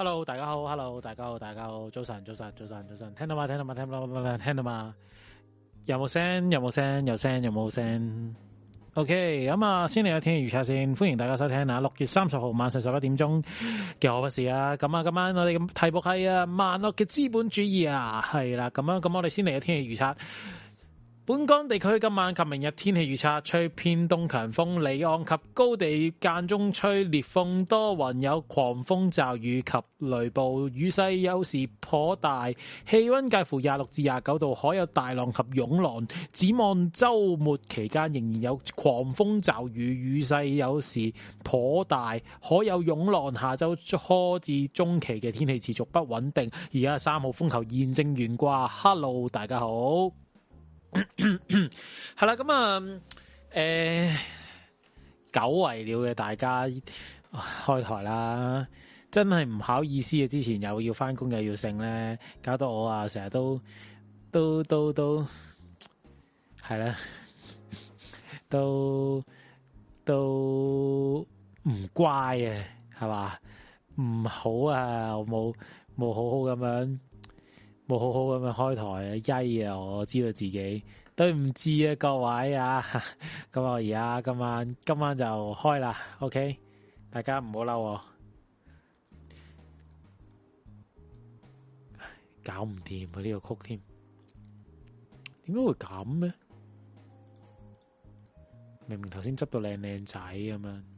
Hello，大家好，Hello，大家好，Hello，大家好，早晨，早晨，早晨，早晨，聽到嗎？聽到嗎？聽到嗎？聽到嗎？有冇聲？有冇聲？有聲？有冇聲？OK，咁啊，先嚟個天氣預測先，歡迎大家收聽啊。六月三十號晚上十一點鐘嘅我嘅事啊，咁啊，今晚我哋嘅題目係啊萬惡嘅資本主義啊，係啦，咁樣，咁我哋先嚟個天氣預測。本港地區今晚及明日天氣預測：吹偏東強風，離岸及高地間中吹烈風，多雲有狂風驟雨及雷暴，雨勢有時頗大。氣溫介乎廿六至廿九度，可有大浪及湧浪。展望周末期間仍然有狂風驟雨，雨勢有時頗大，可有湧浪。下周初至中期嘅天氣持續不穩定。而家三號風球現正懸掛。Hello，大家好。係啦，咁 啊，誒、嗯呃，久違了嘅大家開台啦！真係唔好意思啊，之前又要返工又要剩咧，搞到我啊，成日都都都都係啦，都都唔乖啊，係嘛？唔好啊，我冇冇好好咁樣。冇好好咁樣開台，曳啊！我知道自己對唔住啊，各位啊，咁 我而家今晚今晚就開啦，OK，大家唔好嬲我，搞唔掂啊呢個曲添，點解會咁咧？明明頭先執到靚靚仔咁樣。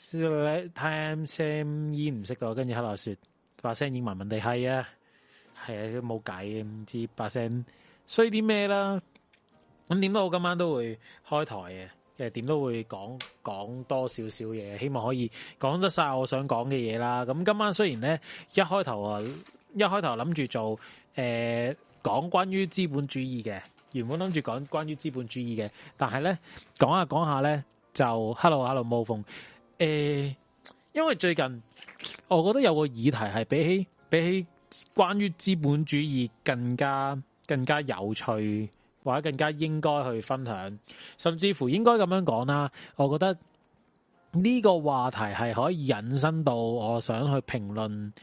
咧，time same 唔識到，跟住 hello 雪，把聲已經文文地係啊，係啊，都冇計嘅，唔知把聲衰啲咩啦。咁點都好，今晚都會開台嘅，其實點都會講講多少少嘢，希望可以講得晒我想講嘅嘢啦。咁今晚雖然咧一開頭啊，一開頭諗住做誒、呃、講關於資本主義嘅原本諗住講關於資本主義嘅，但係咧講下講下咧就 hello hello 冒縫。誒，因為最近我覺得有個議題係比起比起關於資本主義更加更加有趣或者更加應該去分享，甚至乎應該咁樣講啦。我覺得呢個話題係可以引申到我想去評論誒、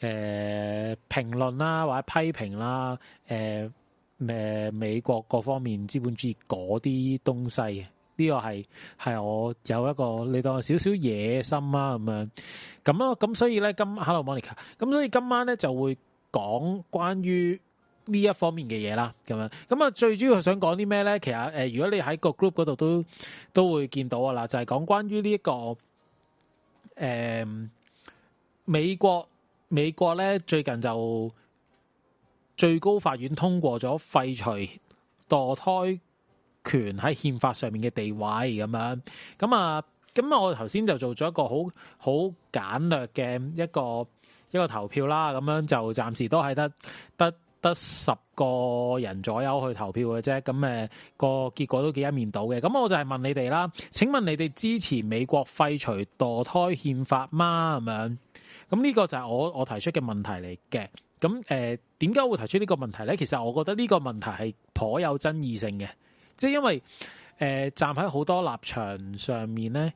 呃、評論啦或者批評啦誒誒美國各方面資本主義嗰啲東西。呢個係係我有一個，你當少少野心啦。咁樣，咁咯，咁所以咧今，Hello Monica，咁所以今晚咧就會講關於呢一方面嘅嘢啦，咁樣，咁啊最主要係想講啲咩咧？其實誒，如果你喺個 group 嗰度都都會見到啊啦，就係講關於呢一個誒美國美國咧最近就最高法院通過咗廢除墮胎。權喺憲法上面嘅地位咁樣咁啊，咁我頭先就做咗一個好好簡略嘅一個一個投票啦。咁樣就暫時都係得得得十個人左右去投票嘅啫。咁誒個結果都幾一面倒嘅。咁我就係問你哋啦。請問你哋支持美國廢除墮胎憲法嗎？咁樣咁呢個就係我我提出嘅問題嚟嘅。咁誒點解會提出呢個問題咧？其實我覺得呢個問題係頗有爭議性嘅。即係因為誒、呃、站喺好多立場上面咧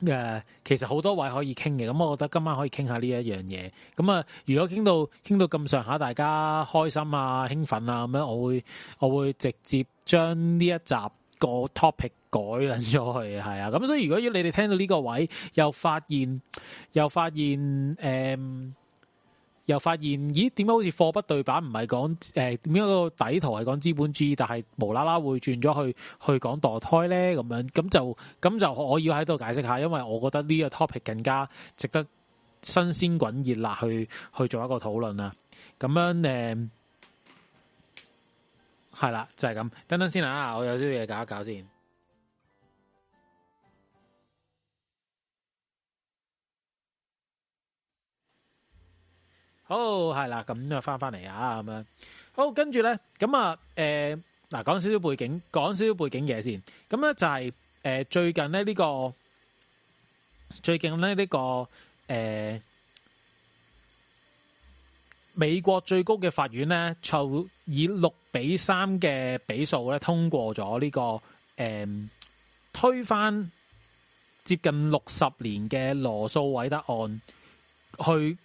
誒、呃、其實好多位可以傾嘅，咁我覺得今晚可以傾下呢一樣嘢。咁啊，如果傾到傾到咁上下大家開心啊，興奮啊咁樣，嗯、我會我會直接將呢一集個 topic 改捻咗去係啊咁，嗯、所以如果要你哋聽到呢個位，又發現又發現誒。呃又發現，咦？點解好似貨不對版唔係講，誒，點解個底圖係講資本主義，但係無啦啦會轉咗去去講墮胎咧？咁樣咁就咁就我要喺度解釋下，因為我覺得呢個 topic 更加值得新鮮滾熱辣去去做一個討論啦。咁樣誒，係啦，就係咁。等等先啊，我有啲嘢搞一搞先。好係啦，咁就翻翻嚟啊，咁樣好，跟住咧，咁啊，誒，嗱、呃，講少少背景，講少少背景嘢先，咁咧就係、是、誒、呃，最近咧呢、這個，最近咧呢、這個，誒、呃，美國最高嘅法院咧就以六比三嘅比數咧通過咗呢、這個，誒、呃，推翻接近六十年嘅羅訴韋德案，去。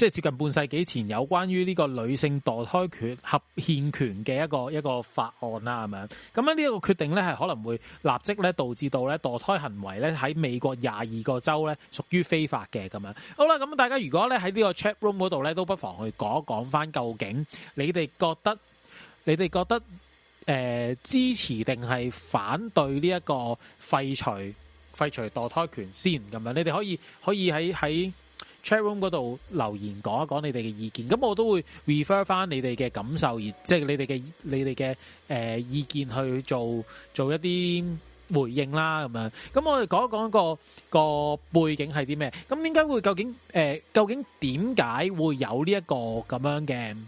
即係接近半世紀前，有關於呢個女性墮胎權合憲權嘅一個一個法案啦，咁樣。咁樣呢一個決定咧，係可能會立即咧導致到咧墮胎行為咧喺美國廿二個州咧屬於非法嘅咁樣。好啦，咁大家如果咧喺呢個 chat room 嗰度咧，都不妨去講一講返，究竟你哋覺得，你哋覺得，誒、呃、支持定係反對呢一個廢除廢除墮胎權先咁樣？你哋可以可以喺喺。Chatroom 嗰度留言講一講你哋嘅意見，咁我都會 refer 翻你哋嘅感受而即係你哋嘅你哋嘅誒意見去做做一啲回應啦，咁樣。咁我哋講一講個個背景係啲咩？咁點解會究竟誒、呃、究竟點解會有呢一個咁樣嘅誒、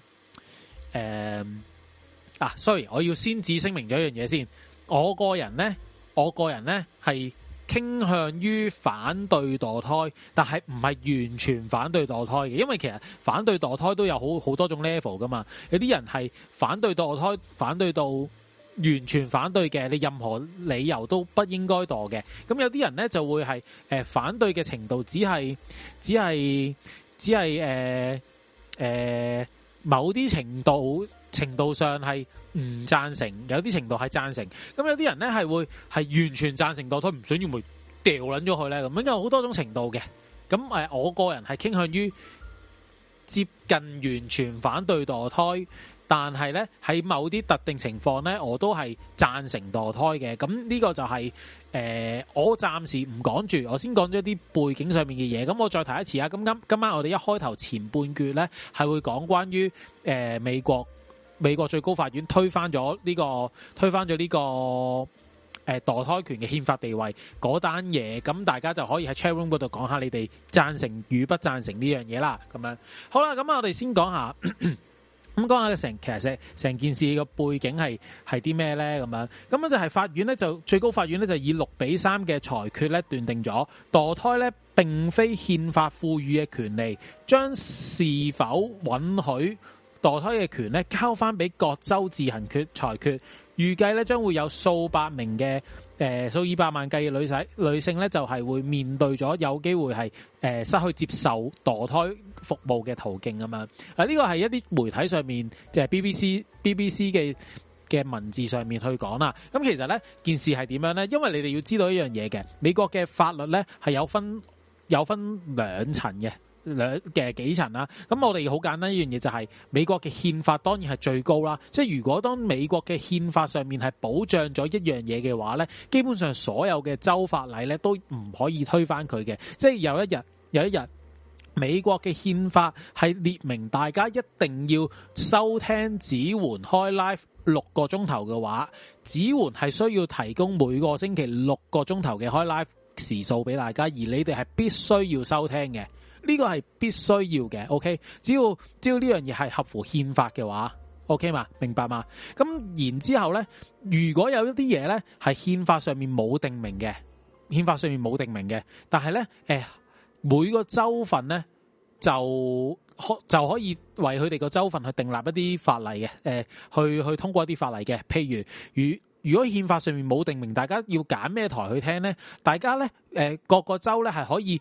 呃、啊？Sorry，我要先至聲明咗一樣嘢先。我個人咧，我個人咧係。傾向於反對墮胎，但係唔係完全反對墮胎嘅，因為其實反對墮胎都有好好多種 level 噶嘛。有啲人係反對墮胎，反對到完全反對嘅，你任何理由都不應該墮嘅。咁有啲人呢，就會係、呃、反對嘅程度，只係只係只係、呃呃、某啲程度程度上係。唔贊成，有啲程度係贊成，咁有啲人呢係會係完全贊成墮胎，唔想佢掉撚咗佢呢，咁，該有好多種程度嘅。咁誒、呃，我個人係傾向於接近完全反對墮胎，但係呢，喺某啲特定情況呢，我都係贊成墮胎嘅。咁呢個就係、是、誒、呃，我暫時唔講住，我先講咗啲背景上面嘅嘢。咁我再提一次啊，咁今今晚我哋一開頭前半段呢，係會講關於誒、呃、美國。美國最高法院推翻咗呢個推翻咗呢個誒墮胎權嘅憲法地位嗰單嘢，咁大家就可以喺 chat room 嗰度講下你哋贊成與不贊成呢樣嘢啦。咁樣好啦，咁啊我哋先講下咁講下成其實成成件事嘅背景係係啲咩咧？咁樣咁樣就係法院咧，就最高法院咧，就以六比三嘅裁決咧，斷定咗墮胎咧，並非憲法賦予嘅權利，將是否允許墮胎嘅權咧，交翻俾各州自行決裁決，預計咧將會有數百名嘅，誒，數以百萬計嘅女仔女性咧，就係會面對咗，有機會係，誒，失去接受墮胎服務嘅途徑咁樣。嗱，呢個係一啲媒體上面，即係 BBC、BBC 嘅嘅文字上面去講啦。咁其實咧，件事係點樣咧？因為你哋要知道一樣嘢嘅，美國嘅法律咧係有分有分兩層嘅。兩嘅幾層啦、啊，咁我哋好簡單一樣嘢就係、是、美國嘅憲法，當然係最高啦。即係如果當美國嘅憲法上面係保障咗一樣嘢嘅話呢，基本上所有嘅州法例呢都唔可以推翻佢嘅。即係有一日有一日，美國嘅憲法係列明大家一定要收聽指煥開 live 六個鐘頭嘅話，指煥係需要提供每個星期六個鐘頭嘅開 live 時數俾大家，而你哋係必須要收聽嘅。呢、這個係必須要嘅，OK？只要只要呢樣嘢係合乎憲法嘅話，OK 嘛？明白嘛？咁然之後呢，如果有一啲嘢呢係憲法上面冇定名嘅，憲法上面冇定名嘅，但係呢，誒、呃、每個州份呢，就可就可以為佢哋個州份去訂立一啲法例嘅，誒、呃、去去通過一啲法例嘅，譬如如如果憲法上面冇定名，大家要揀咩台去聽呢？大家呢，誒、呃、各個州呢係可以。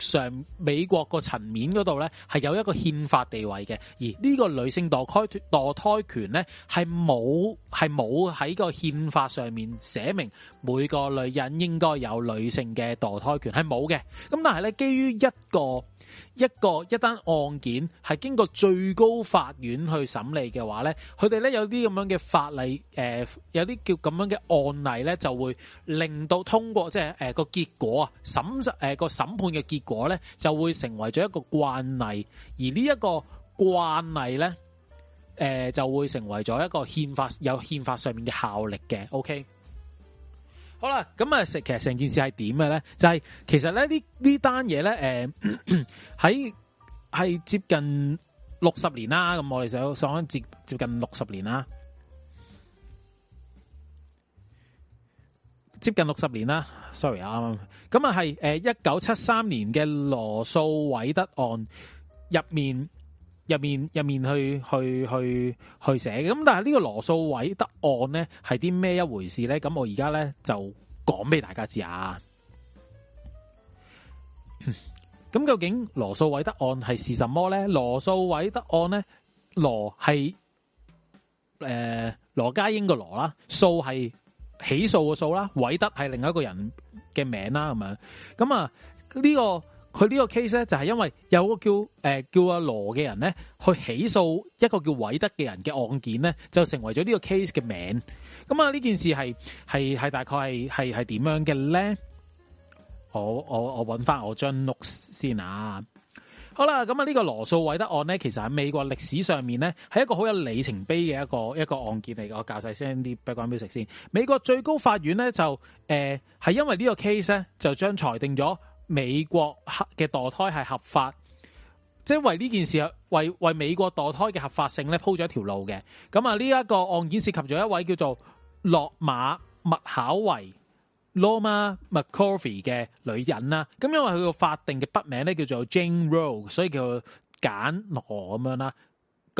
上美國個層面嗰度呢，係有一個憲法地位嘅，而呢個女性墮胎墮胎權呢，係冇係冇喺個憲法上面寫明每個女人應該有女性嘅墮胎權係冇嘅。咁但係呢，基於一個。一個一單案件係經過最高法院去審理嘅話咧，佢哋咧有啲咁樣嘅法例，誒、呃，有啲叫咁樣嘅案例咧，就會令到通過即係誒個結果啊審誒個、呃、審判嘅結果咧，就會成為咗一個慣例，而呢一個慣例咧，誒、呃、就會成為咗一個憲法有憲法上面嘅效力嘅。OK。好啦，咁啊，食。其實成件事係點嘅咧？就係、是、其實咧呢呢單嘢咧，誒喺係接近六十年啦，咁我哋想講接接近六十年啦，接近六十年啦，Sorry 啊、嗯，咁啊係誒一九七三年嘅羅素韋德案入面。入面入面去去去去寫嘅，咁但係呢個羅素韋德案咧係啲咩一回事咧？咁我而家咧就講俾大家知啊。咁、嗯、究竟羅素韋德案係是，是什麼咧？羅素韋德案咧羅係誒羅家英個羅啦，素係起訴嘅訴啦，韋德係另外一個人嘅名啦，咁樣咁啊呢、這個。佢呢個 case 咧，就係、是、因為有個叫誒、呃、叫阿羅嘅人咧，去起訴一個叫韋德嘅人嘅案件咧，就成為咗呢個 case 嘅名。咁、嗯、啊，呢件事係係係大概係係係點樣嘅咧？我我我揾翻我張 note 先啊！好啦，咁啊呢個羅訴韋德案咧，其實喺美國歷史上面咧，係一個好有里程碑嘅一個一個案件嚟嘅。我教晒先啲 background story 先。美國最高法院咧就誒係、呃、因為個呢個 case 咧就將裁定咗。美國合嘅墮胎係合法，即係為呢件事為為美國墮胎嘅合法性咧鋪咗一條路嘅。咁啊，呢一個案件涉及咗一位叫做落馬麥考維 Loma McCorvey 嘅女人啦。咁因為佢個法定嘅筆名咧叫做 Jane Roe，所以叫簡羅咁樣啦。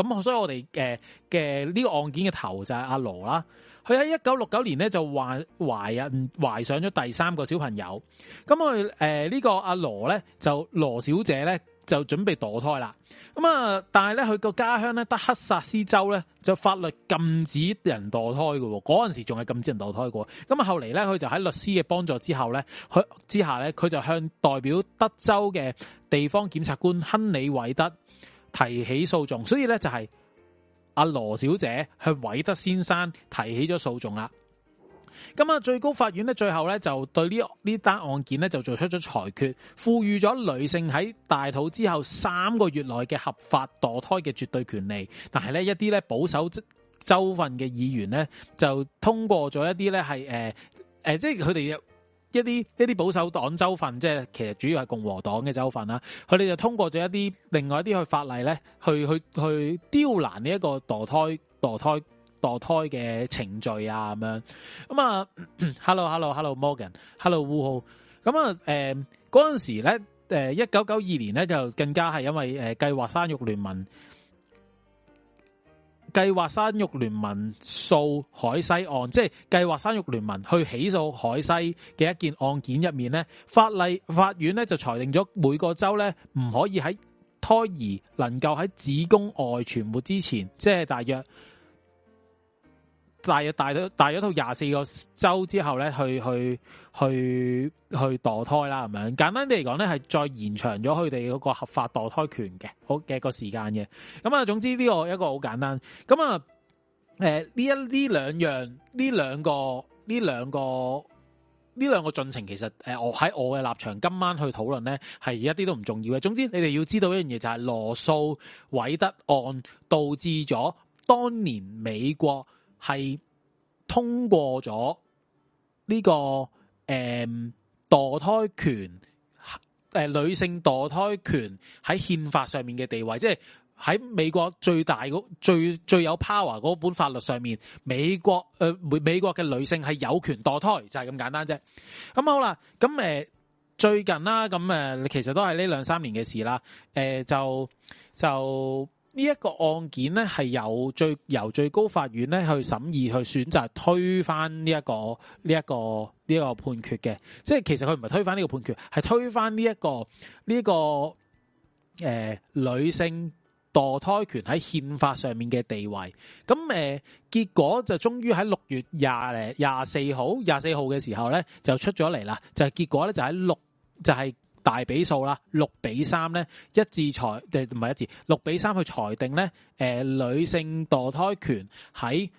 咁所以我哋誒嘅呢個案件嘅頭就係阿羅啦，佢喺一九六九年咧就懷懷孕懷上咗第三個小朋友。咁佢誒呢個阿羅咧就，羅小姐咧就準備墮胎啦。咁啊，但係咧佢個家鄉咧德克薩斯州咧就法律禁止人墮胎嘅，嗰陣時仲係禁止人墮胎嘅。咁啊，後嚟咧佢就喺律師嘅幫助之後咧，佢之下咧佢就向代表德州嘅地方檢察官亨利韋德提起訴訟，所以咧就係阿羅小姐去韋德先生提起咗訴訟啦。咁啊，最高法院咧最後咧就對呢呢單案件咧就做出咗裁決，賦予咗女性喺大肚之後三個月內嘅合法墮胎嘅絕對權利。但係咧一啲咧保守州份嘅議員咧就通過咗一啲咧係誒誒，即係佢哋一啲一啲保守黨州份，即係其實主要係共和黨嘅州份啦，佢哋就通過咗一啲另外一啲去法例咧，去去去刁難呢一個墮胎墮胎墮胎嘅程序啊咁樣。咁啊，hello hello hello Morgan hello Wu Ho。咁、呃、啊，誒嗰陣時咧，誒一九九二年咧就更加係因為誒計劃生育聯盟。計劃生育聯盟訴海西案，即係計劃生育聯盟去起訴海西嘅一件案件入面咧，法例法院咧就裁定咗每個州咧唔可以喺胎兒能夠喺子宮外存活之前，即係大約。大約大約大約到廿四個周之後咧，去去去去墮胎啦，咁樣簡單啲嚟講咧，係再延長咗佢哋嗰個合法墮胎權嘅好嘅個時間嘅。咁啊，總之呢個一個好簡單。咁啊，誒、呃、呢一呢兩樣呢兩個呢兩個呢兩個進程，其實誒我喺我嘅立場，今晚去討論咧係一啲都唔重要嘅。總之你哋要知道一樣嘢就係羅素韋德案導致咗當年美國。係通過咗呢、這個誒墮、呃、胎權，誒、呃、女性墮胎權喺憲法上面嘅地位，即係喺美國最大最最有 power 嗰本法律上面，美國誒美、呃、美國嘅女性係有權墮胎，就係、是、咁簡單啫。咁好啦，咁誒、呃、最近啦，咁誒其實都係呢兩三年嘅事啦，誒、呃、就就。就呢、這、一個案件咧係由最由最高法院咧去審議去選擇推翻呢、這、一個呢一、這個呢、這個判決嘅，即係其實佢唔係推翻呢個判決，係推翻呢、這、一個呢、這個誒、呃、女性墮胎權喺憲法上面嘅地位。咁誒、呃、結果就終於喺六月廿誒廿四號廿四號嘅時候咧就出咗嚟啦，就係結果咧就喺六就係、是。大比數啦，六比三咧，一致裁，誒唔係一致，六比三去裁定咧、呃，女性墮胎權喺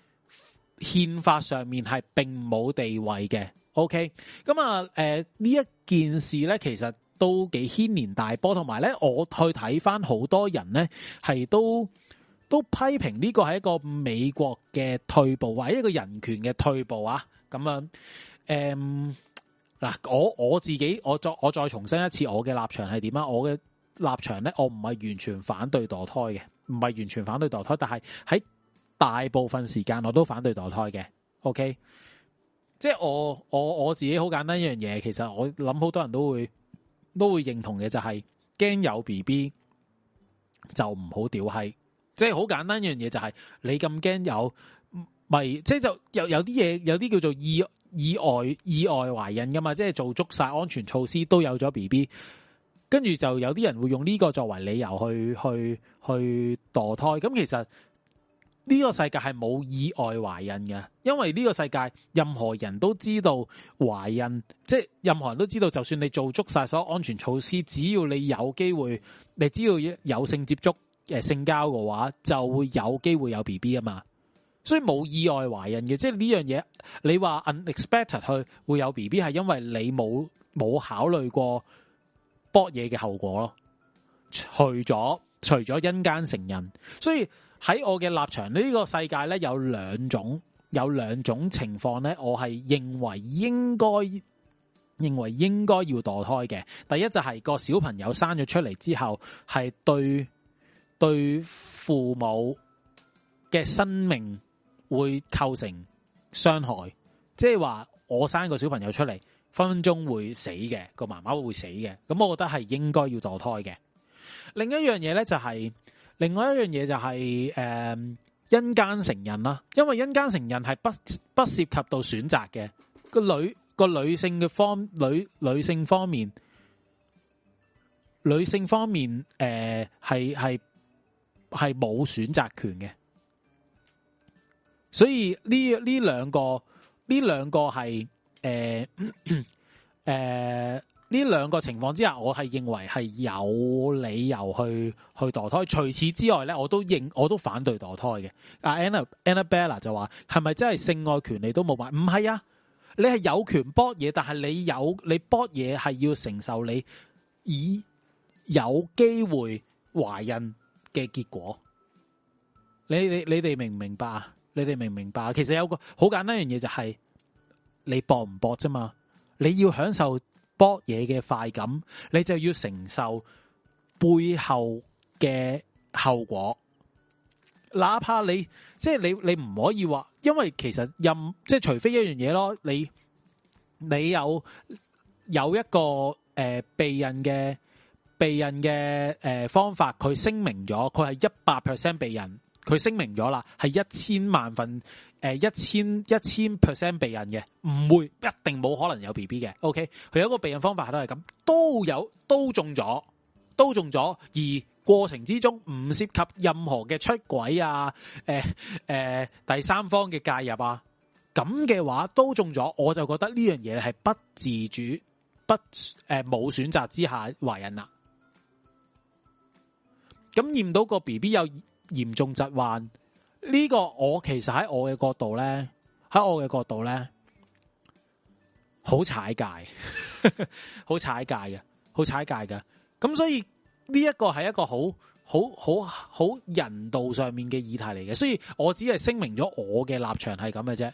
憲法上面係並冇地位嘅。OK，咁啊誒呢一件事咧，其實都幾牽連大波，同埋咧，我去睇翻好多人咧，係都都批評呢個係一個美國嘅退步，或者一個人權嘅退步啊。咁樣誒。嗯嗱，我我自己，我再我再重申一次我嘅立場係點啊？我嘅立場咧，我唔係完全反對墮胎嘅，唔係完全反對墮胎，但係喺大部分時間我都反對墮胎嘅。OK，即係我我我自己好簡單一樣嘢，其實我諗好多人都會都會認同嘅，就係驚有 B B 就唔好屌閪，即係好簡單一樣嘢，就係你咁驚有。咪即係就有有啲嘢，有啲叫做意意外意外懷孕噶嘛，即係做足晒安全措施都有咗 B B，跟住就有啲人會用呢個作為理由去去去墮胎。咁其實呢個世界係冇意外懷孕嘅，因為呢個世界任何人都知道懷孕，即係任何人都知道，就算你做足晒所有安全措施，只要你有機會，你只要有性接觸誒、呃、性交嘅話，就會有機會有 B B 啊嘛。所以冇意外懷孕嘅，即係呢樣嘢，你話 unexpected 佢會有 BB 係因為你冇冇考慮過搏嘢嘅後果咯，除咗除咗因姦成孕，所以喺我嘅立場，呢個世界咧有兩種有兩種情況咧，我係認為應該認為應該要墮胎嘅。第一就係個小朋友生咗出嚟之後，係對對父母嘅生命，會構成傷害，即係話我生個小朋友出嚟，分分鐘會死嘅，個媽媽會死嘅。咁我覺得係應該要墮胎嘅。另一樣嘢呢，就係，另外一樣嘢就係、是，誒、就是呃，因姦成孕啦，因為因姦成孕係不不涉及到選擇嘅，個女個女性嘅方女女性方面，女性方面誒係係係冇選擇權嘅。所以呢呢兩個呢兩個係誒誒呢兩個情況之下，我係認為係有理由去去墮胎。除此之外咧，我都認我都反對墮胎嘅。阿 Anna Anna Bella 就話：係咪真係性愛權利都冇埋？唔係啊！你係有權搏嘢，但係你有你搏嘢係要承受你以有機會懷孕嘅結果。你你你哋明唔明白啊？你哋明唔明白？其實有個好簡單樣嘢就係，你搏唔搏啫嘛？你要享受搏嘢嘅快感，你就要承受背後嘅後果。哪怕你即係你，你唔可以話，因為其實任即係除非一樣嘢咯，你你有有一個誒、呃、避孕嘅避孕嘅誒方法，佢聲明咗，佢係一百 percent 避孕。佢聲明咗啦，係一千萬份，誒、呃、一千一千 percent 避孕嘅，唔會一定冇可能有 B B 嘅。OK，佢有一個避孕方法都係咁，都有都中咗，都中咗，而過程之中唔涉及任何嘅出軌啊，誒、呃、誒、呃、第三方嘅介入啊，咁嘅話都中咗，我就覺得呢樣嘢係不自主不誒冇、呃、選擇之下懷孕啦。咁驗到個 B B 有。嚴重疾患呢個，我其實喺我嘅角度咧，喺我嘅角度咧，好踩界，好 踩界嘅，好踩界嘅。咁所以呢一個係一個好好好好人道上面嘅議題嚟嘅。所以我只係聲明咗我嘅立場係咁嘅啫，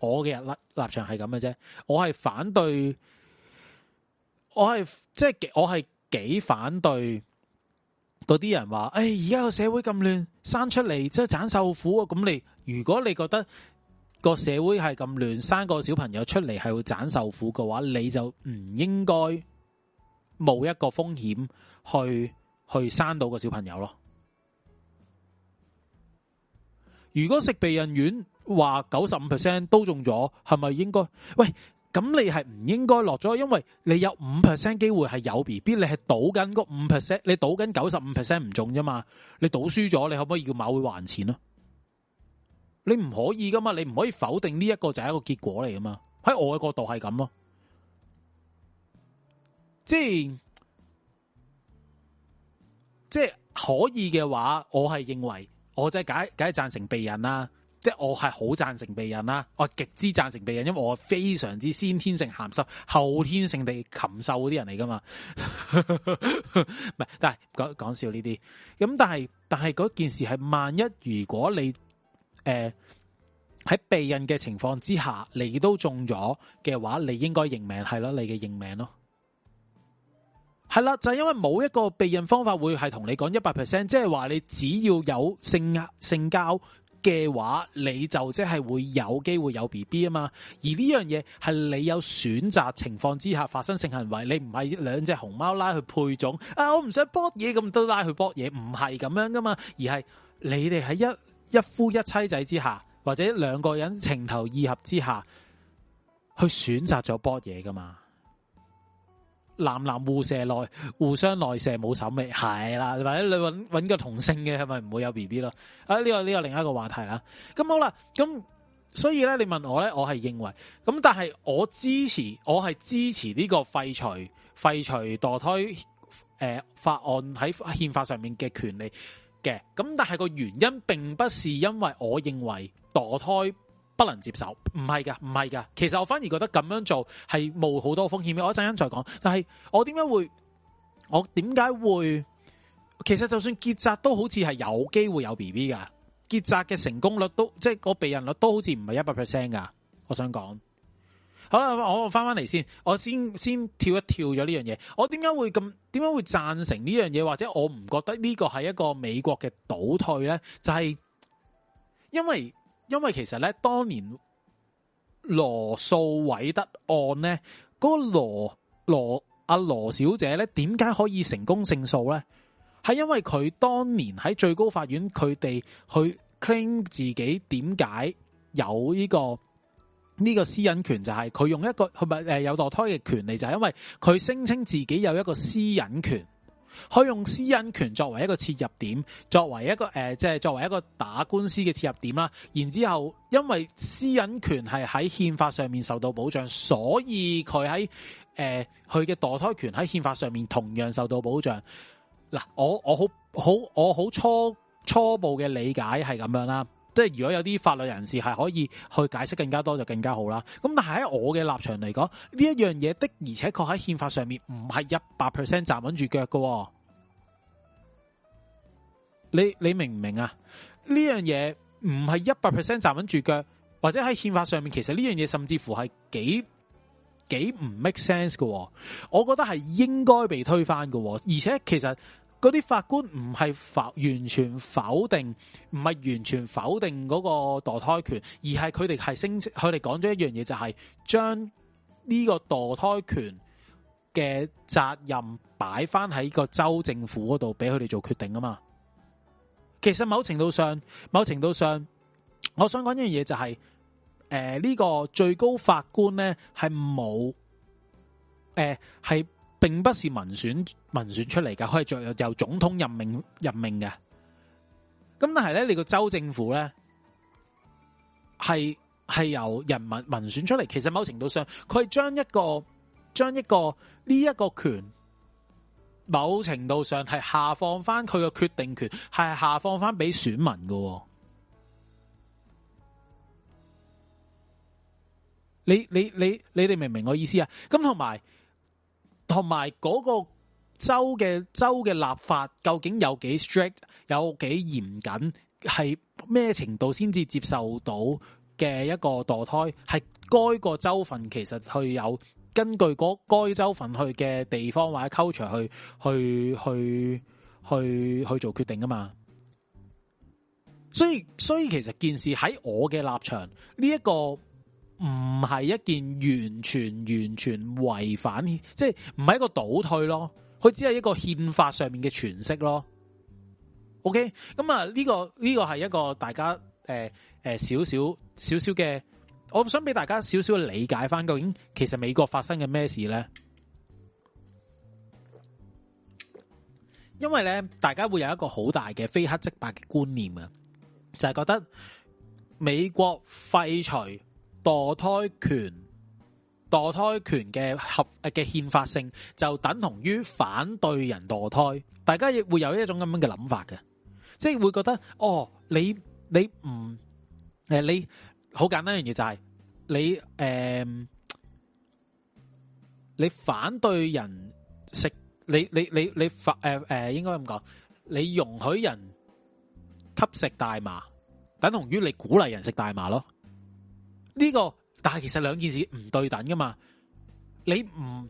我嘅立立場係咁嘅啫。我係反對，我係即係我係幾反對。嗰啲人話，誒、哎，而家個社會咁亂，生出嚟即係盞受苦啊！咁你如果你覺得個社會係咁亂，生個小朋友出嚟係會盞受苦嘅話，你就唔應該冒一個風險去去生到個小朋友咯。如果食避孕丸，話九十五 percent 都中咗，係咪應該？喂？咁你係唔應該落咗，因為你有五 percent 機會係有 B B，你係賭緊嗰五 percent，你賭緊九十五 percent 唔中啫嘛，你賭輸咗，你可唔可以叫馬會還錢咯？你唔可以噶嘛，你唔可以否定呢一個就係一個結果嚟噶嘛，喺我嘅角度係咁咯，即係即係可以嘅話，我係認為我即係解解贊成避孕啦。即係我係好贊成避孕啦、啊，我極之贊成避孕，因為我非常之先天性鹹濕，後天性地禽獸啲人嚟噶嘛。唔 係，但係講講笑呢啲。咁但係但係嗰件事係萬一如果你誒喺、呃、避孕嘅情況之下，你都中咗嘅話，你應該認命係咯，你嘅認命咯、哦。係啦，就係、是、因為冇一個避孕方法會係同你講一百 percent，即係話你只要有性性交。嘅話，你就即係會有機會有 B B 啊嘛，而呢樣嘢，係你有選擇情況之下發生性行為，你唔係兩隻熊貓拉去配種啊，我唔想搏嘢咁都拉去搏嘢，唔係咁樣噶嘛，而係你哋喺一一夫一妻制之下，或者兩個人情投意合之下，去選擇咗搏嘢噶嘛。男男互射內，互相內射，冇手尾係啦，或者你揾揾個同性嘅，係咪唔會有 B B 咯？啊，呢個呢個另一個話題啦。咁好啦，咁所以咧，你問我咧，我係認為，咁但係我支持，我係支持呢個廢除廢除墮胎誒、呃、法案喺憲法上面嘅權利嘅。咁但係個原因，並不是因為我認為墮胎。不能接受，唔係噶，唔係噶，其實我反而覺得咁樣做係冒好多風險。我一陣間再講，但係我點解會，我點解會，其實就算結紮都好似係有機會有 BB 噶，結紮嘅成功率都即係、就是、個避孕率都好似唔係一百 percent 噶。我想講，好啦，我翻翻嚟先，我先先跳一跳咗呢樣嘢。我點解會咁？點解會贊成呢樣嘢？或者我唔覺得呢個係一個美國嘅倒退咧？就係、是、因為。因為其實咧，當年羅訴韋德案咧，嗰個羅羅阿羅小姐咧，點解可以成功勝訴咧？係因為佢當年喺最高法院，佢哋去 claim 自己點解有呢個呢個私隱權，就係佢用一個係咪誒有墮胎嘅權利，就係因為佢聲稱自己有一個私隱權。可用私隱權作為一個切入點，作為一個誒，即係，呃，就是作為一個打官司嘅切入點啦。然之後，因為私隱權係喺憲法上面受到保障，所以佢喺誒，佢嘅墮胎權喺憲法上面同樣受到保障。嗱，我我好好我好初初步嘅理解係咁樣啦。即係如果有啲法律人士係可以去解釋更加多就更加好啦。咁但係喺我嘅立場嚟講，呢一樣嘢的而且確喺憲法上面唔係一百 percent 站穩住腳嘅。你你明唔明啊？呢樣嘢唔係一百 percent 站穩住腳，或者喺憲法上面，其實呢樣嘢甚至乎係幾幾唔 make sense 嘅。我覺得係應該被推翻嘅，而且其實。嗰啲法官唔係否完全否定，唔係完全否定嗰個墮胎權，而係佢哋係聲稱，佢哋講咗一樣嘢，就係將呢個墮胎權嘅責任擺翻喺個州政府嗰度，俾佢哋做決定啊嘛。其實某程度上，某程度上，我想講一樣嘢就係，誒呢個最高法官咧係冇，誒係。呃，是並不是民選民選出嚟噶，佢係由總統任命任命嘅。咁但係咧，你個州政府咧係係由人民民選出嚟。其實某程度上，佢係將一個將一個呢一、這個權，某程度上係下放翻佢嘅決定權，係下放翻俾選民噶。你你你你哋明唔明我意思啊？咁同埋。同埋嗰個州嘅州嘅立法究竟有幾 strict，有幾嚴謹，係咩程度先至接受到嘅一個墮胎，係該個州份其實去有根據嗰該州份去嘅地方或者 culture 去去去去去,去做決定㗎嘛？所以所以其實件事喺我嘅立場呢一個。唔係一件完全完全違反，即係唔係一個倒退咯，佢只係一個憲法上面嘅詮釋咯。OK，咁啊呢個呢個係一個大家誒誒少少少少嘅，我想俾大家少少理解翻，究竟其實美國發生嘅咩事咧？因為咧，大家會有一個好大嘅非黑即白嘅觀念啊，就係覺得美國廢除。墮胎權，墮胎權嘅合誒嘅憲法性就等同於反對人墮胎，大家亦會有一種咁樣嘅諗法嘅，即係會覺得哦，你你唔誒，你好簡單一樣嘢就係、是、你誒、呃，你反對人食，你你你你反誒誒、呃，應該咁講，你容許人吸食大麻，等同於你鼓勵人食大麻咯。呢個但係其實兩件事唔對等噶嘛，你唔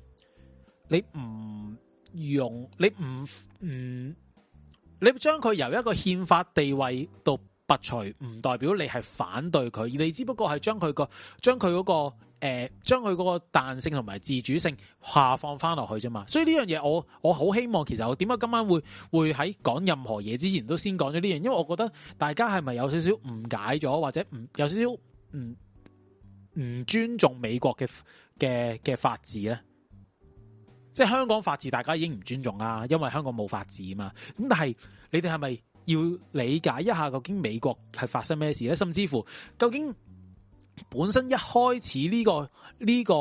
你唔用你唔唔你將佢由一個憲法地位到拔除，唔代表你係反對佢，而你只不過係將佢個將佢嗰個誒，將佢嗰個彈性同埋自主性下放翻落去啫嘛。所以呢樣嘢我我好希望其實我點解今晚會會喺講任何嘢之前都先講咗呢樣，因為我覺得大家係咪有少少誤解咗或者唔有少少唔？嗯唔尊重美國嘅嘅嘅法治咧，即係香港法治，大家已經唔尊重啦，因為香港冇法治啊嘛。咁但係你哋係咪要理解一下究竟美國係發生咩事咧？甚至乎究竟本身一開始呢個呢個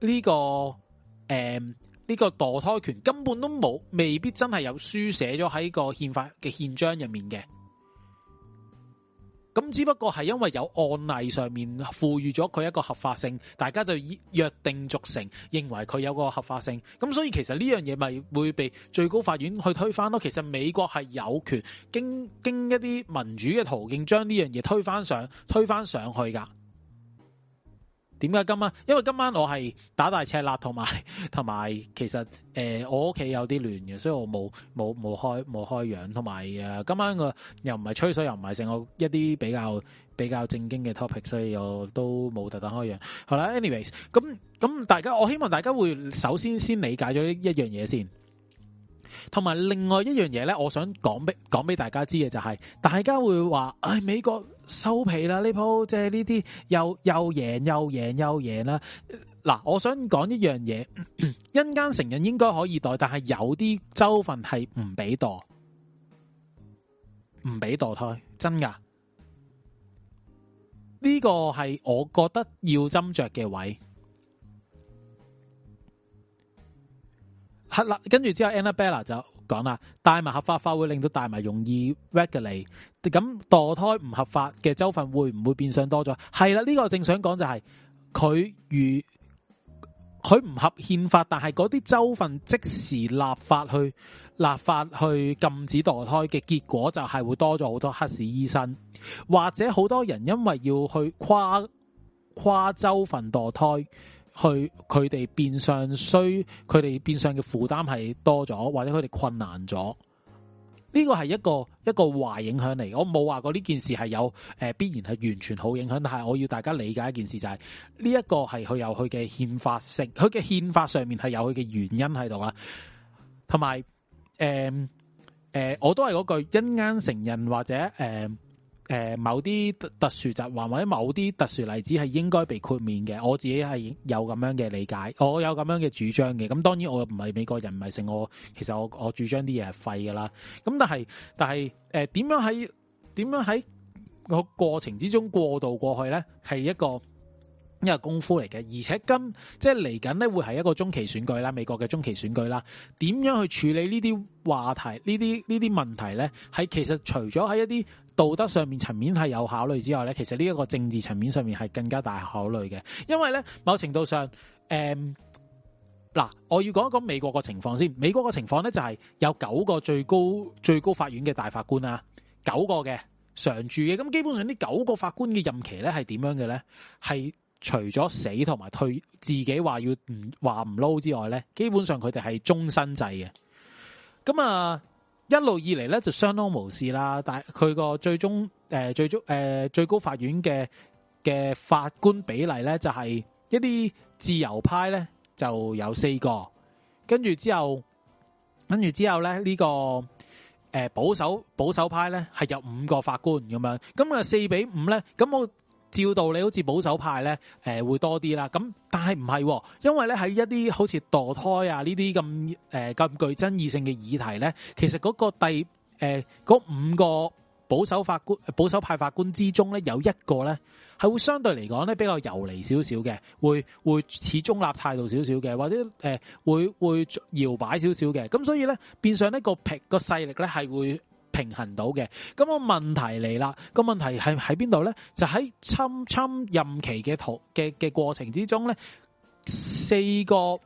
呢個誒呢個墮胎權根本都冇，未必真係有書寫咗喺個憲法嘅憲章入面嘅。咁只不過係因為有案例上面賦予咗佢一個合法性，大家就以約定俗成，認為佢有個合法性。咁所以其實呢樣嘢咪會被最高法院去推翻咯。其實美國係有權經經一啲民主嘅途徑將呢樣嘢推翻上推翻上去㗎。點解今晚？因為今晚我係打大赤肋，同埋同埋，其實誒、呃，我屋企有啲亂嘅，所以我冇冇冇開冇開樣，同埋誒，今晚我又唔係吹水，又唔係成個一啲比較比較正經嘅 topic，所以我都冇特登開樣。好啦，anyways，咁咁大家，我希望大家會首先先理解咗一一樣嘢先。同埋另外一樣嘢咧，我想講俾講俾大家知嘅就係、是，大家會話唉、哎、美國收皮啦，呢鋪即係呢啲又又贏又贏又贏啦。嗱，我想講一樣嘢，因間成人應該可以墮，但係有啲州份係唔俾墮，唔俾墮胎，真噶。呢、這個係我覺得要斟酌嘅位。啦，跟住之後，Annabella 就講啦，大麻合法化會令到大麻容易 regulate。咁墮胎唔合法嘅州份會唔會變相多咗？係啦，呢、這個正想講就係、是、佢如佢唔合憲法，但係嗰啲州份即時立法去立法去禁止墮胎嘅結果就係會多咗好多黑市醫生，或者好多人因為要去跨跨州份墮胎。去佢哋變相衰，佢哋變相嘅負擔係多咗，或者佢哋困難咗，呢、這個係一個一個壞影響嚟。我冇話過呢件事係有誒、呃、必然係完全好影響，但係我要大家理解一件事就係呢一個係佢有佢嘅憲法性，佢嘅憲法上面係有佢嘅原因喺度啊。同埋誒誒，我都係嗰句，因啱承認或者誒。呃誒，某啲特殊疾患，或者某啲特殊例子係應該被豁免嘅，我自己係有咁樣嘅理解，我有咁樣嘅主張嘅。咁當然我又唔係美國人，唔係成我，其實我我主張啲嘢係廢噶啦。咁但係但係誒、點、呃、樣喺點樣喺個過程之中過渡過去咧，係一個一個功夫嚟嘅。而且今即係嚟緊咧，就是、會係一個中期選舉啦，美國嘅中期選舉啦。點樣去處理呢啲話題，呢啲呢啲問題咧，係其實除咗喺一啲。道德上面層面係有考慮之外呢，其實呢一個政治層面上面係更加大考慮嘅。因為咧某程度上，誒、嗯、嗱，我要講一講美國個情況先。美國個情況呢，就係有九個最高最高法院嘅大法官啊，九個嘅常駐嘅。咁基本上呢，九個法官嘅任期呢係點樣嘅呢？係除咗死同埋退，自己話要唔話唔撈之外呢，基本上佢哋係終身制嘅。咁啊～一路以嚟咧就相當無事啦，但係佢個最終誒、呃、最終誒、呃、最高法院嘅嘅法官比例咧就係、是、一啲自由派咧就有四個，跟住之後跟住之後咧呢、這個誒、呃、保守保守派咧係有五個法官咁樣，咁啊四比五咧咁我。照道理，好似保守派咧，誒、呃、會多啲啦。咁但係唔係，因為咧喺一啲好似墮胎啊呢啲咁誒咁具爭議性嘅議題咧，其實嗰個第誒嗰、呃、五個保守法官保守派法官之中咧，有一個咧係會相對嚟講咧比較游離少少嘅，會會持中立態度少少嘅，或者誒、呃、會會搖擺少少嘅。咁所以咧，變相呢個平、那個勢力咧係會。平衡到嘅，咁個問題嚟啦，個問題係喺邊度咧？就喺侵侵任期嘅途嘅嘅過程之中咧，四個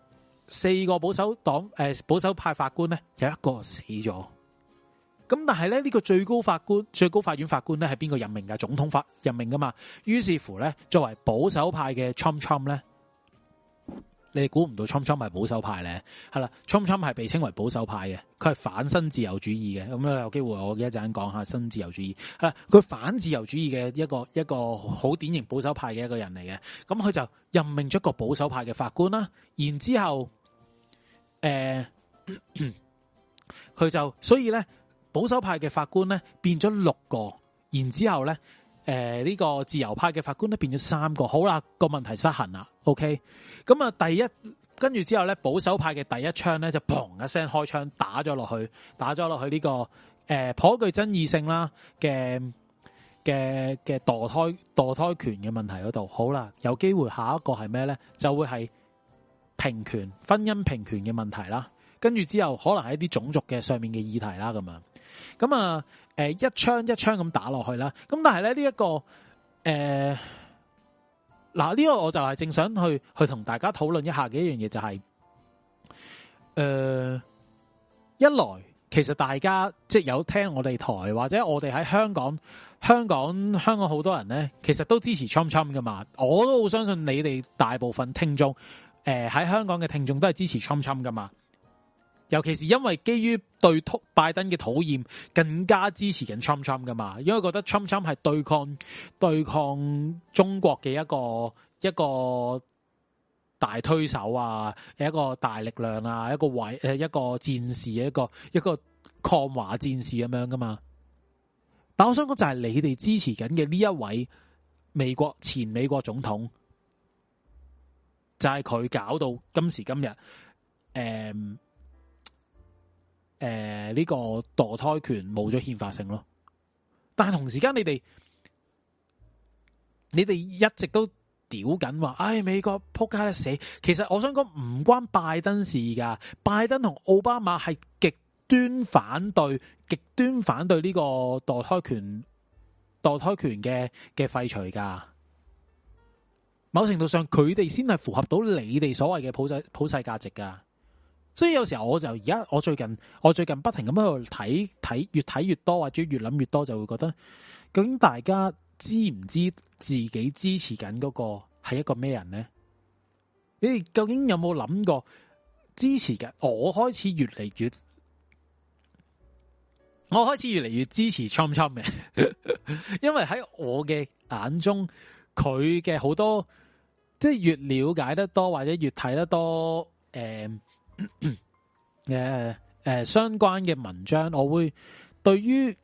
四個保守黨誒、呃、保守派法官咧有一個死咗，咁但係咧呢、這個最高法官最高法院法官咧係邊個任命噶？總統法任命噶嘛？於是乎咧，作為保守派嘅 Trump Trump 咧。你哋估唔到 Trump Trump 係保守派咧，係啦 Trump Trump 係被稱為保守派嘅，佢係反新自由主義嘅，咁啊有機會我會一陣講下新自由主義，係啦，佢反自由主義嘅一個一個好典型保守派嘅一個人嚟嘅，咁佢就任命咗個保守派嘅法官啦，然之後，誒、呃，佢就所以咧，保守派嘅法官咧變咗六個，然之後咧。誒、呃，呢、這個自由派嘅法官都變咗三個，好啦，個問題失衡啦，OK，咁、嗯、啊，第一，跟住之後咧，保守派嘅第一槍咧，就砰一聲開槍打咗落去，打咗落去呢、這個誒，頗、呃、具爭議性啦嘅嘅嘅墮胎墮胎權嘅問題嗰度，好啦，有機會下一個係咩咧？就會係平權婚姻平權嘅問題啦，跟住之後可能係一啲種族嘅上面嘅議題啦，咁啊，咁、嗯、啊。嗯誒，一槍一槍咁打落去啦，咁但係咧呢一個誒，嗱、這、呢個我就係正想去去同大家討論一下嘅一樣嘢，就係、是、誒、呃，一來其實大家即係有聽我哋台，或者我哋喺香港香港香港好多人咧，其實都支持 Trump Trump 噶嘛，我都好相信你哋大部分聽眾，誒、呃、喺香港嘅聽眾都係支持 Trump Trump 噶嘛。尤其是因為基於對拜登嘅討厭，更加支持緊 Trump Trump 噶嘛，因為覺得 Trump Trump 係對抗對抗中國嘅一個一個大推手啊，一個大力量啊，一個偉誒一個戰士，一個一個抗華戰士咁樣噶嘛。但我想講就係你哋支持緊嘅呢一位美國前美國總統，就係、是、佢搞到今時今日，誒、嗯。誒、呃，呢、這個墮胎權冇咗憲法性咯，但係同時間你哋，你哋一直都屌緊話，唉、哎，美國仆街得死。其實我想講唔關拜登的事噶，拜登同奧巴馬係極端反對、極端反對呢個墮胎權、墮胎權嘅嘅廢除噶。某程度上，佢哋先係符合到你哋所謂嘅普世普世價值噶。所以有時候我就而家，我最近我最近不停咁喺度睇睇，越睇越多或者越諗越多，就會覺得究竟大家知唔知自己支持緊嗰個係一個咩人咧？你哋究竟有冇諗過支持緊？我開始越嚟越，我開始越嚟越支持 Trump Trump 嘅，因為喺我嘅眼中，佢嘅好多即係越了解得多或者越睇得多，嗯誒誒、 呃呃，相關嘅文章，我會對於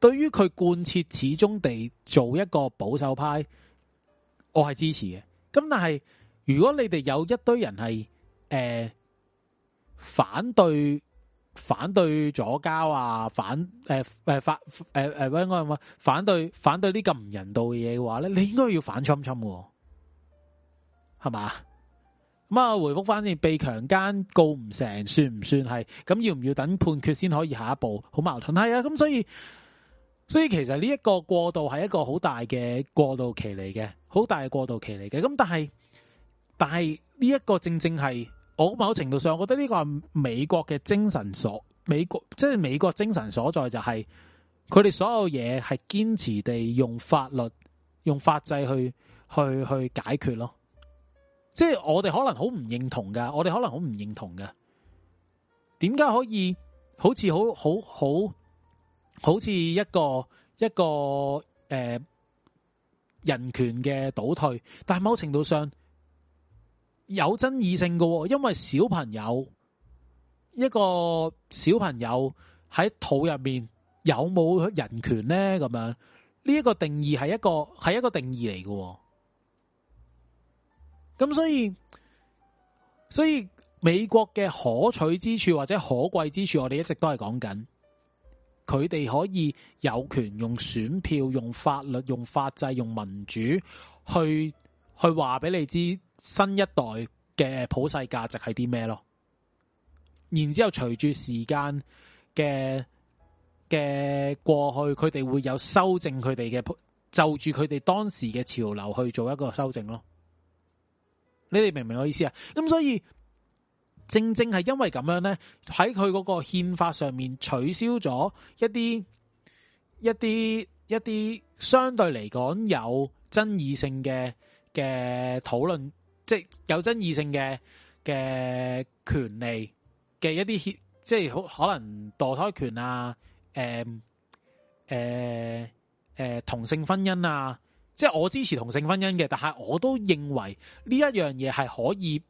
對於佢貫徹始終地做一個保守派，我係支持嘅。咁但係，如果你哋有一堆人係誒、呃、反對反對阻交啊，反誒誒、呃、反誒誒，唔該唔該，反對反對呢咁唔人道嘅嘢嘅話咧，你應該要反侵侵嘅，係嘛？咁啊，回覆翻先，被強姦告唔成，算唔算係？咁要唔要等判決先可以下一步？好矛盾係啊！咁所以，所以其實呢一個過渡係一個好大嘅過渡期嚟嘅，好大嘅過渡期嚟嘅。咁但係，但係呢一個正正係我某程度上我覺得呢個係美國嘅精神所，美國即係、就是、美國精神所在就係佢哋所有嘢係堅持地用法律、用法制去去去解決咯。即係我哋可能好唔認同㗎，我哋可能好唔認同㗎。點解可以好似好好好好似一個一個誒、呃、人權嘅倒退？但係某程度上有爭議性喎，因為小朋友一個小朋友喺肚入面有冇人權咧？咁樣呢、呢個、一,一個定義係一個係一個定義嚟喎。咁所以，所以美國嘅可取之處或者可貴之處，我哋一直都係講緊，佢哋可以有權用選票、用法律、用法制、用民主去去話俾你知新一代嘅普世價值係啲咩咯。然之後，隨住時間嘅嘅過去，佢哋會有修正，佢哋嘅就住佢哋當時嘅潮流去做一個修正咯。你哋明唔明我意思啊？咁所以正正係因為咁樣咧，喺佢嗰個憲法上面取消咗一啲一啲一啲相對嚟講有爭議性嘅嘅討論，即係、就是、有爭議性嘅嘅權利嘅一啲協，即係好可能墮胎權啊，誒誒誒同性婚姻啊。即係我支持同性婚姻嘅，但係我都認為呢一樣嘢係可以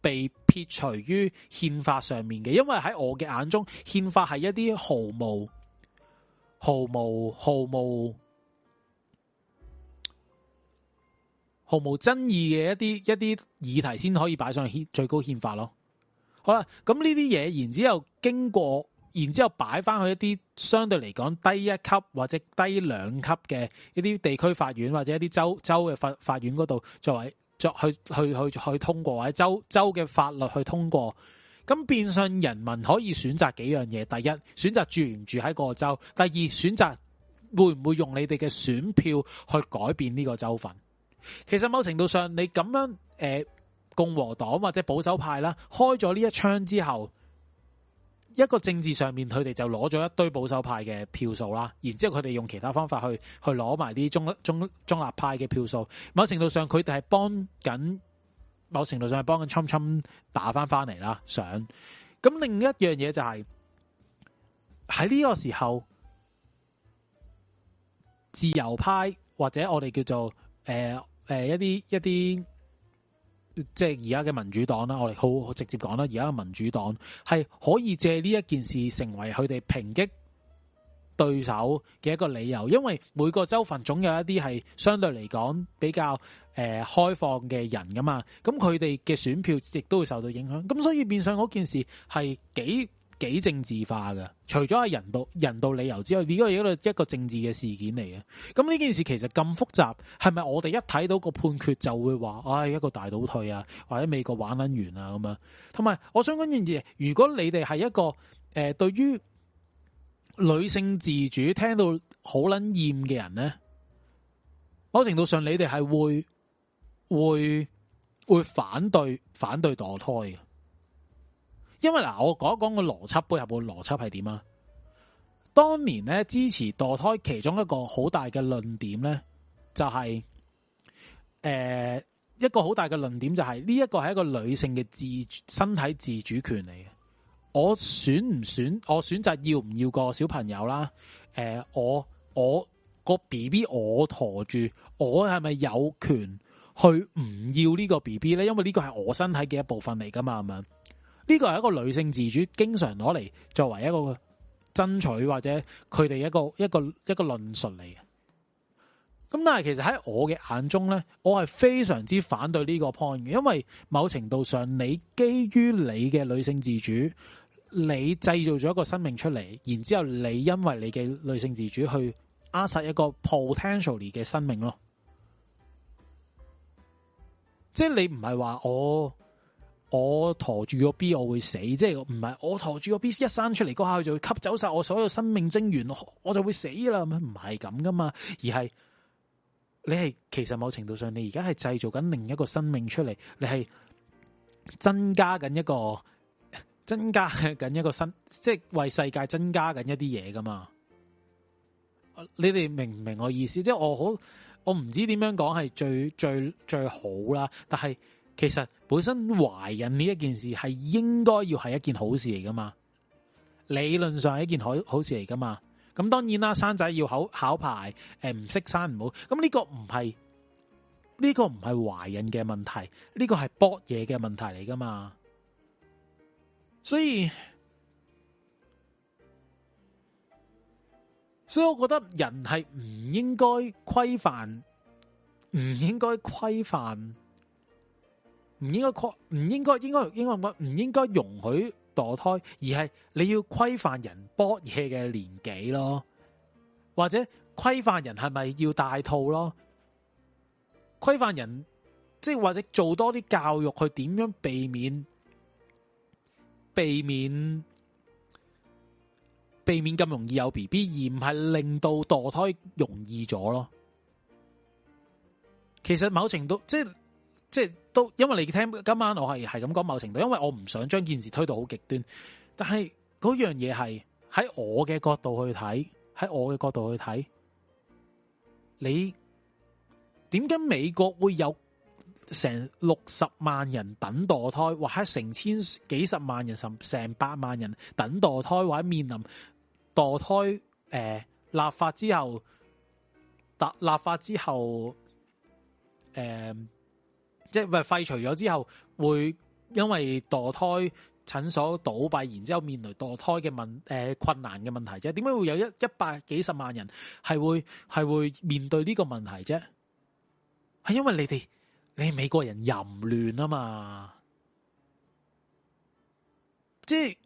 被撇除於憲法上面嘅，因為喺我嘅眼中，憲法係一啲毫無、毫無、毫無、毫無爭議嘅一啲一啲議題先可以擺上最高憲法咯。好啦，咁呢啲嘢然之後經過。然之後擺翻去一啲相對嚟講低一級或者低兩級嘅一啲地區法院或者一啲州州嘅法法院嗰度作為作去去去去通過或者州州嘅法律去通過，咁變相人民可以選擇幾樣嘢。第一，選擇住唔住喺個州；第二，選擇會唔會用你哋嘅選票去改變呢個州份。其實某程度上你，你咁樣誒共和黨或者保守派啦，開咗呢一槍之後。一個政治上面佢哋就攞咗一堆保守派嘅票數啦，然之後佢哋用其他方法去去攞埋啲中中中立派嘅票數，某程度上佢哋係幫緊，某程度上係幫緊衝衝打返返嚟啦，想。咁另一樣嘢就係喺呢個時候，自由派或者我哋叫做誒誒、呃呃、一啲一啲。即係而家嘅民主黨啦，我哋好，好直接講啦。而家嘅民主黨係可以借呢一件事成為佢哋抨擊對手嘅一個理由，因為每個州份總有一啲係相對嚟講比較誒、呃、開放嘅人噶嘛，咁佢哋嘅選票亦都會受到影響，咁所以變相嗰件事係幾。幾政治化嘅，除咗係人道、人道理由之外，呢個一個一個政治嘅事件嚟嘅。咁呢件事其實咁複雜，係咪我哋一睇到個判決就會話，哎，一個大倒退啊，或者美國玩捻完啊咁樣？同埋，我想講樣嘢，如果你哋係一個誒，對於女性自主聽到好捻厭嘅人咧，某程度上你哋係會會會反對反對墮胎嘅。因為嗱，我講一講個邏輯背後嘅邏輯係點啊？當年咧支持墮胎，其中一個好大嘅論點咧，就係，就係誒一個好大嘅論點就係呢一個係一個女性嘅自身體自主權嚟嘅。我選唔選，我選擇要唔要個小朋友啦？誒、呃，我我個 B B 我馱住，我係咪有權去唔要這個 BB 呢個 B B 咧？因為呢個係我身體嘅一部分嚟噶嘛，咁樣。呢、這個係一個女性自主，經常攞嚟，作為一個爭取或者佢哋一個一個一個論述嚟嘅。咁但係其實喺我嘅眼中呢，我係非常之反對呢個 point 嘅，因為某程度上你基於你嘅女性自主，你製造咗一個生命出嚟，然之後你因為你嘅女性自主去扼殺一個 potentially 嘅生命咯，即係你唔係話我。我駝住個 B 我會死，即係唔係？我駝住個 B 一生出嚟嗰下，佢就會吸走晒我所有生命精源，我就會死啦。咁唔係咁噶嘛？而係你係其實某程度上，你而家係製造緊另一個生命出嚟，你係增加緊一個增加緊一個新，即係為世界增加緊一啲嘢噶嘛？你哋明唔明我意思？即係我好，我唔知點樣講係最最最好啦。但係其實。本身懷孕呢一件事係應該要係一件好事嚟噶嘛理論上係一件好好事嚟噶嘛咁當然啦，生仔要考考牌，誒，唔識生唔好。咁呢個唔係呢個唔係懷孕嘅問題，呢個係博嘢嘅問題嚟噶嘛所以所以我覺得人係唔應該規範，唔應該規範。唔應該規唔應該應該應該唔應該容許墮胎，而係你要規範人剝嘢嘅年紀咯，或者規範人係咪要戴套咯。規範人即係或者做多啲教育去點樣避免避免避免咁容易有 B B，而唔係令到墮胎容易咗咯。其實某程度即係。即係都，因為你聽今晚我係係咁講，某程度，因為我唔想將件事推到好極端。但係嗰樣嘢係喺我嘅角度去睇，喺我嘅角度去睇，你點解美國會有成六十萬人等墮胎，或者成千幾十萬人，甚成百萬人等墮胎，或者面臨墮胎？誒、呃，立法之後，立立法之後，誒、呃。即係廢除咗之後，會因為墮胎診所倒閉，然之後面對墮胎嘅問誒、呃、困難嘅問題啫。點解會有一一百幾十萬人係會係會面對呢個問題啫？係因為你哋你美國人淫亂啊嘛，即係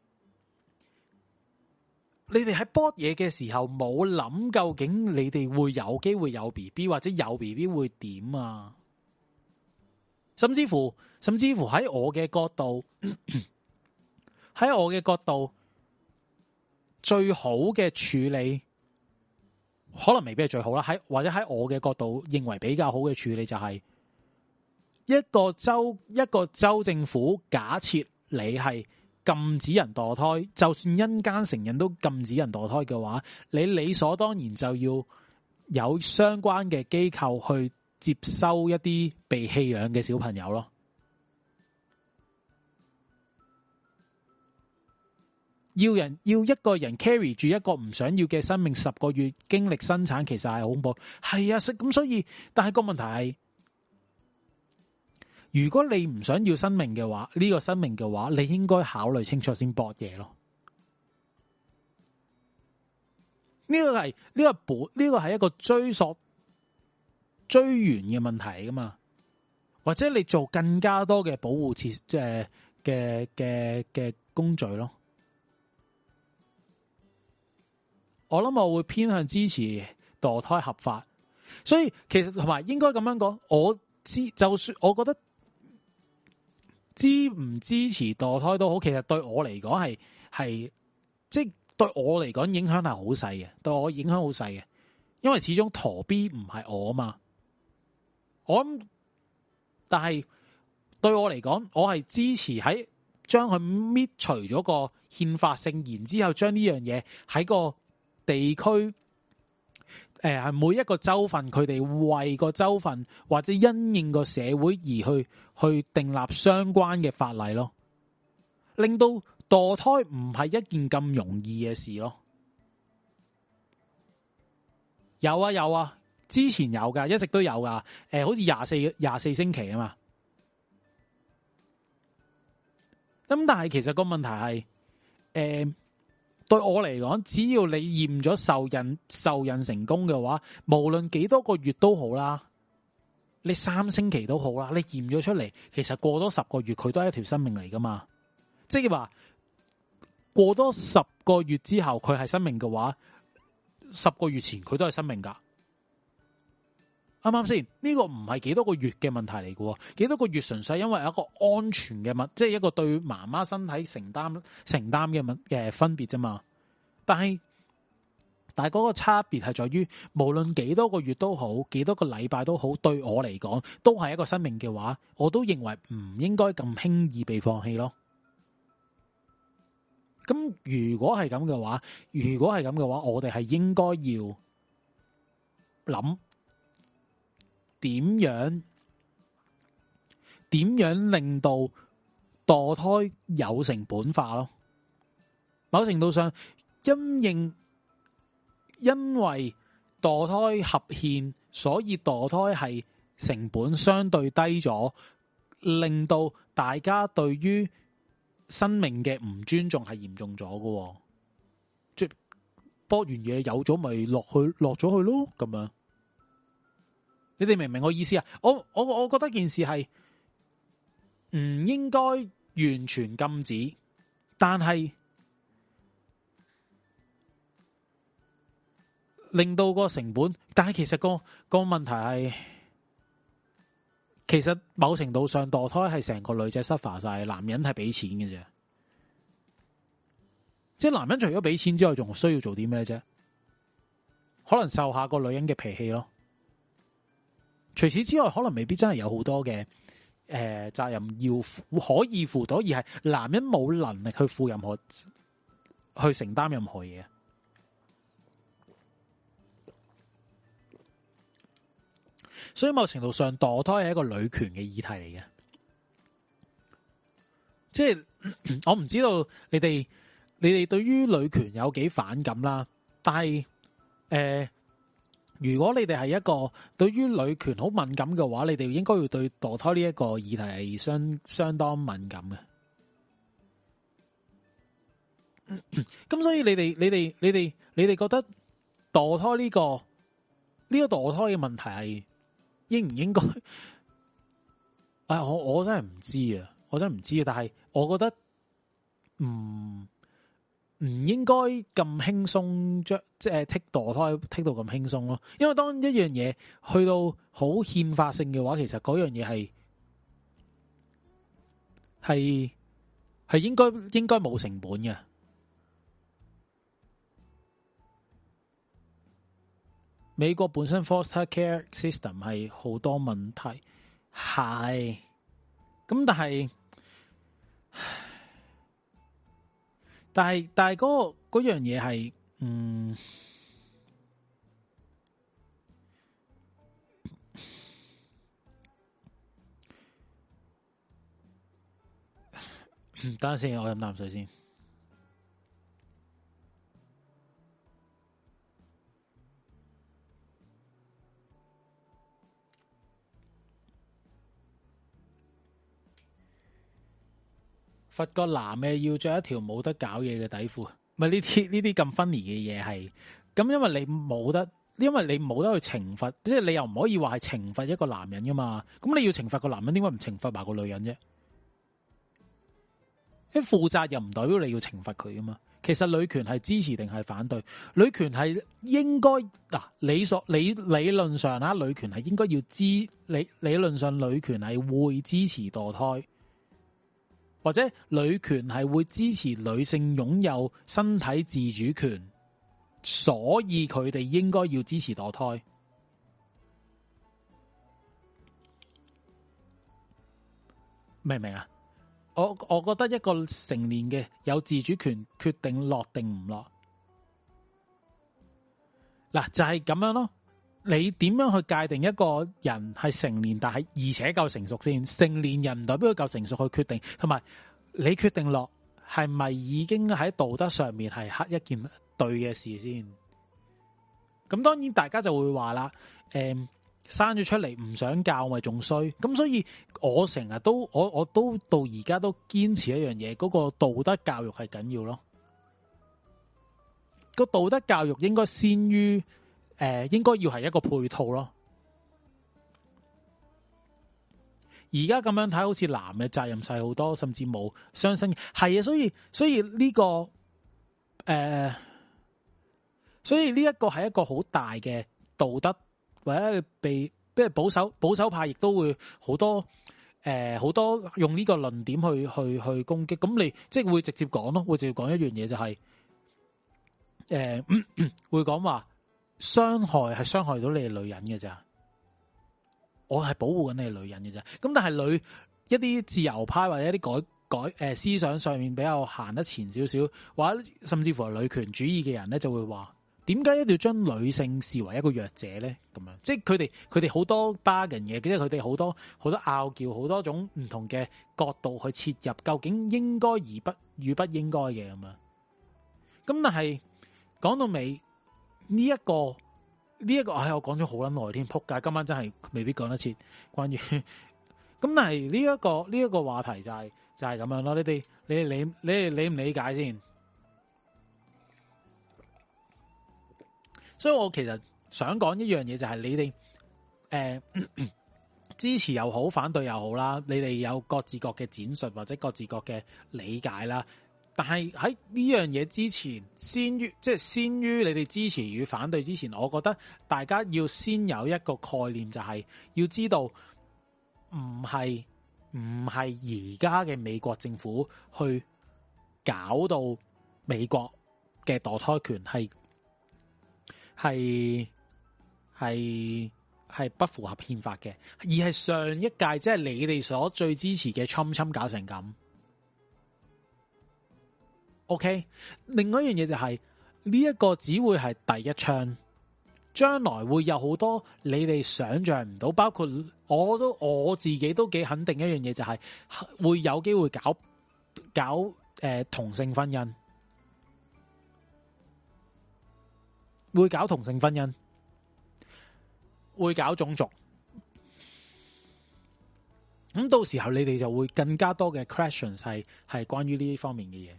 你哋喺搏嘢嘅時候冇諗究竟你哋會有機會有 B B 或者有 B B 會點啊？甚至乎，甚至乎喺我嘅角度，喺我嘅角度最好嘅處理，可能未必係最好啦。喺或者喺我嘅角度認為比較好嘅處理就係一個州一個州政府，假設你係禁止人墮胎，就算陰間成人都禁止人墮胎嘅話，你理所當然就要有相關嘅機構去。接收一啲被棄養嘅小朋友咯，要人要一個人 carry 住一個唔想要嘅生命十個月，經歷生產其實係好恐怖。係啊，咁所以，但係個問題係，如果你唔想要生命嘅話，呢個生命嘅話，你應該考慮清楚先搏嘢咯。呢個係呢個本，呢個係一個追溯。追源嘅問題噶嘛，或者你做更加多嘅保護設施嘅嘅嘅工序咯，我諗我會偏向支持墮胎合法，所以其實同埋應該咁樣講，我支就算我覺得支唔支持墮胎都好，其實對我嚟講係係即係對我嚟講影響係好細嘅，對我影響好細嘅，因為始終陀 B 唔係我啊嘛。我諗，但係對我嚟講，我係支持喺將佢搣除咗個憲法性言之後，將呢樣嘢喺個地區，誒、呃、係每一個州份，佢哋為個州份或者因應個社會而去去訂立相關嘅法例咯，令到墮胎唔係一件咁容易嘅事咯。有啊，有啊。之前有噶，一直都有噶。誒、呃，好似廿四廿四星期啊嘛。咁但係其實個問題係，誒、呃、對我嚟講，只要你驗咗受孕受孕成功嘅話，無論幾多個月都好啦，你三星期都好啦，你驗咗出嚟，其實過多十個月佢都係一條生命嚟噶嘛。即係話過多十個月之後佢係生命嘅話，十個月前佢都係生命噶。啱唔啱先？呢個唔係幾多個月嘅問題嚟嘅喎，幾多個月純粹係因為一個安全嘅物，即係一個對媽媽身體承擔承擔嘅物嘅分別啫嘛。但係但係嗰個差別係在於，無論幾多個月都好，幾多個禮拜都好，對我嚟講都係一個生命嘅話，我都認為唔應該咁輕易被放棄咯。咁如果係咁嘅話，如果係咁嘅話，我哋係應該要諗。點樣點樣令到墮胎有成本化咯？某程度上，因應因為墮胎合憲，所以墮胎係成本相對低咗，令到大家對於生命嘅唔尊重係嚴重咗㗎。即係剝完嘢有咗，咪落去落咗去咯，咁樣。你哋明唔明我意思啊？我我我覺得件事係唔應該完全禁止，但係令到個成本。但係其實個個問題係，其實某程度上墮胎係成個女仔 suffer 晒，男人係俾錢嘅啫。即係男人除咗俾錢之外，仲需要做啲咩啫？可能受下個女人嘅脾氣咯。除此之外，可能未必真係有好多嘅，誒、呃、責任要負，可以負到，而係男人冇能力去負任何去承擔任何嘢，所以某程度上墮胎係一個女權嘅議題嚟嘅、就是。即係 我唔知道你哋你哋對於女權有幾反感啦，但係誒。呃如果你哋係一個對於女權好敏感嘅話，你哋應該要對墮胎呢一個議題係相相當敏感嘅。咁 所以你哋、你哋、你哋、你哋覺得墮胎呢、這個呢、這個墮胎嘅問題係應唔應該？啊、哎，我我真係唔知啊，我真係唔知啊，但係我覺得，唔、嗯唔應該咁輕鬆將即係剔墮胎剔到咁輕鬆咯，因為當一樣嘢去到好憲法性嘅話，其實嗰樣嘢係係係應該應該冇成本嘅。美國本身 foster care system 係好多問題，係咁，但係。但係但係嗰、嗰個嗰樣嘢係，嗯，等下先，我飲啖水先。罰個男嘅要着一條冇得搞嘢嘅底褲，唔係呢啲呢啲咁 funny 嘅嘢係咁，這這因為你冇得，因為你冇得去懲罰，即係你又唔可以話係懲罰一個男人噶嘛，咁你要懲罰個男人，點解唔懲罰埋個女人啫？因負責又唔代表你要懲罰佢噶嘛，其實女權係支持定係反對？女權係應該嗱、啊，理所理理論上啦，女權係應該要支，理理論上女權係會支持墮胎。或者女權係會支持女性擁有身體自主權，所以佢哋應該要支持墮胎。明唔明啊？我我覺得一個成年嘅有自主權，決定落定唔落，嗱就係咁樣咯。你點樣去界定一個人係成年，但係而且夠成熟先？成年人唔代表佢夠成熟去決定，同埋你決定落係咪已經喺道德上面係黑一件對嘅事先？咁當然大家就會話啦，誒、嗯，生咗出嚟唔想教咪仲衰？咁所以我成日都我我都到而家都堅持一樣嘢，嗰、那個道德教育係緊要咯。那個道德教育應該先於。誒，應該要係一個配套咯。而家咁樣睇，好似男嘅責任細好多，甚至冇傷心。係啊，所以所以呢個誒，所以呢、這個呃、一個係一個好大嘅道德，或者被即係保守保守派亦都會好多誒，好、呃、多用呢個論點去去去攻擊。咁你即係、就是、會直接講咯，會直接講一樣嘢就係、是、誒、呃，會講話。傷害係傷害到你嘅女人嘅咋？我係保護緊你嘅女人嘅咋。咁但係女一啲自由派或者一啲改改誒、呃、思想上面比較行得前少少，或者甚至乎係女權主義嘅人咧，就會話：點解一定要將女性視為一個弱者咧？咁樣即係佢哋佢哋好多 bar 人嘢，即係佢哋好多好多拗撬，好多，多種唔同嘅角度去切入，究竟應該而不與不應該嘅咁樣。咁但係講到尾。呢一個呢一個，這個，我係我講咗好捻耐添，仆街！今晚真係未必講得切。關於咁，但係呢一個呢一個，這個話題就係、是、就係、是、咁樣咯。你哋你哋理你哋理唔理解先？所以我其實想講一樣嘢，就係你哋誒支持又好，反對又好啦，你哋有各自各嘅展述或者各自各嘅理解啦。但係喺呢樣嘢之前，先於即係先於你哋支持與反對之前，我覺得大家要先有一個概念，就係要知道，唔係唔係而家嘅美國政府去搞到美國嘅墮胎權係係係係不符合憲法嘅，而係上一屆即係你哋所最支持嘅侵侵搞成咁。OK，另外一樣嘢就係呢一個只會係第一槍，將來會有好多你哋想象唔到，包括我都我自己都幾肯定一樣嘢就係、是、會有機會搞搞誒、呃、同性婚姻，會搞同性婚姻，會搞種族，咁到時候你哋就會更加多嘅 questions 係係關於呢方面嘅嘢。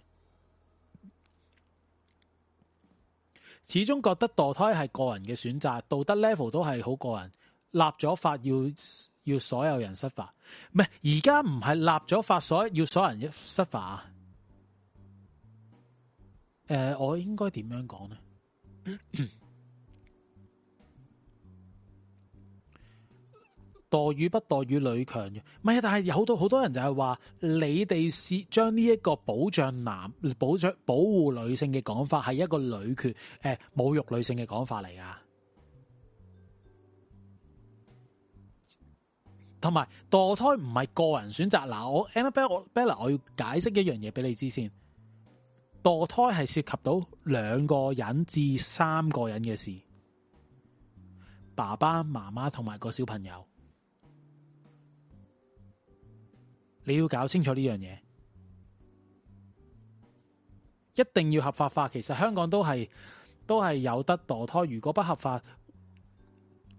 始終覺得墮胎係個人嘅選擇，道德 level 都係好個人。立咗法要要所有人失法，唔係而家唔係立咗法，所以要所有人失法。誒、呃，我應該點樣講咧？ 墮與不墮與女強嘅，唔係，但係有好多好多人就係話你哋是將呢一個保障男保障保護女性嘅講法係一個女權誒、呃、侮辱女性嘅講法嚟噶，同埋墮胎唔係個人選擇。嗱，我 Mabel，我 Bella，我要解釋一樣嘢俾你知先。墮胎係涉及到兩個人至三個人嘅事，爸爸媽媽同埋個小朋友。你要搞清楚呢樣嘢，一定要合法化。其實香港都係都係有得墮胎，如果不合法，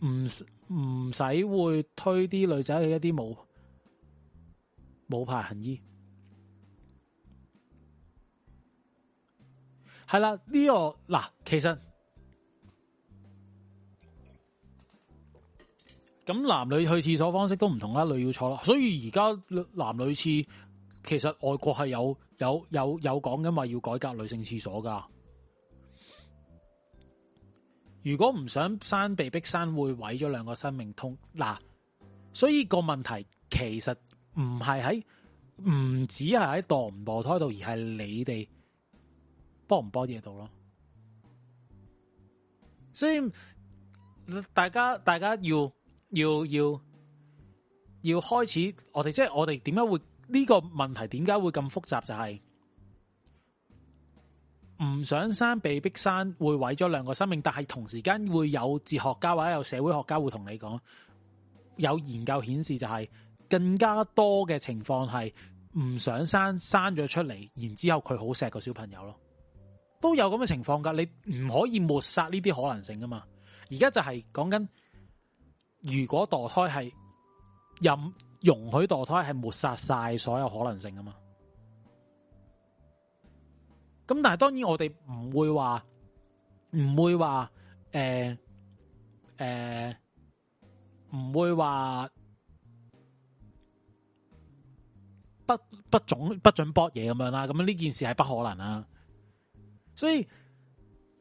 唔唔使會推啲女仔嘅一啲冇冇牌行醫，係啦，呢個，嗱，其實。咁男女去廁所方式都唔同啦，女要坐啦，所以而家男女廁其實外國係有有有有講噶嘛，要改革女性廁所噶。如果唔想生被逼生會毀咗兩個生命通。嗱，所以個問題其實唔係喺唔止係喺墮唔墮胎度，而係你哋幫唔幫嘢度咯。所以大家大家要。要要要開始，我哋即係我哋點解會呢個問題？點解會咁複雜？就係唔想生被逼生，會毀咗兩個生命，但係同時間會有哲學家或者有社會學家會同你講，有研究顯示就係更加多嘅情況係唔想生，生咗出嚟，然之後佢好錫個小朋友咯，都有咁嘅情況噶，你唔可以抹殺呢啲可能性噶嘛。而家就係講緊。如果墮胎係任容許墮胎係抹殺晒所有可能性噶嘛？咁但係當然我哋唔會話唔會話誒誒唔會話不不准不准博嘢，咁樣啦。咁呢件事係不可能啦，所以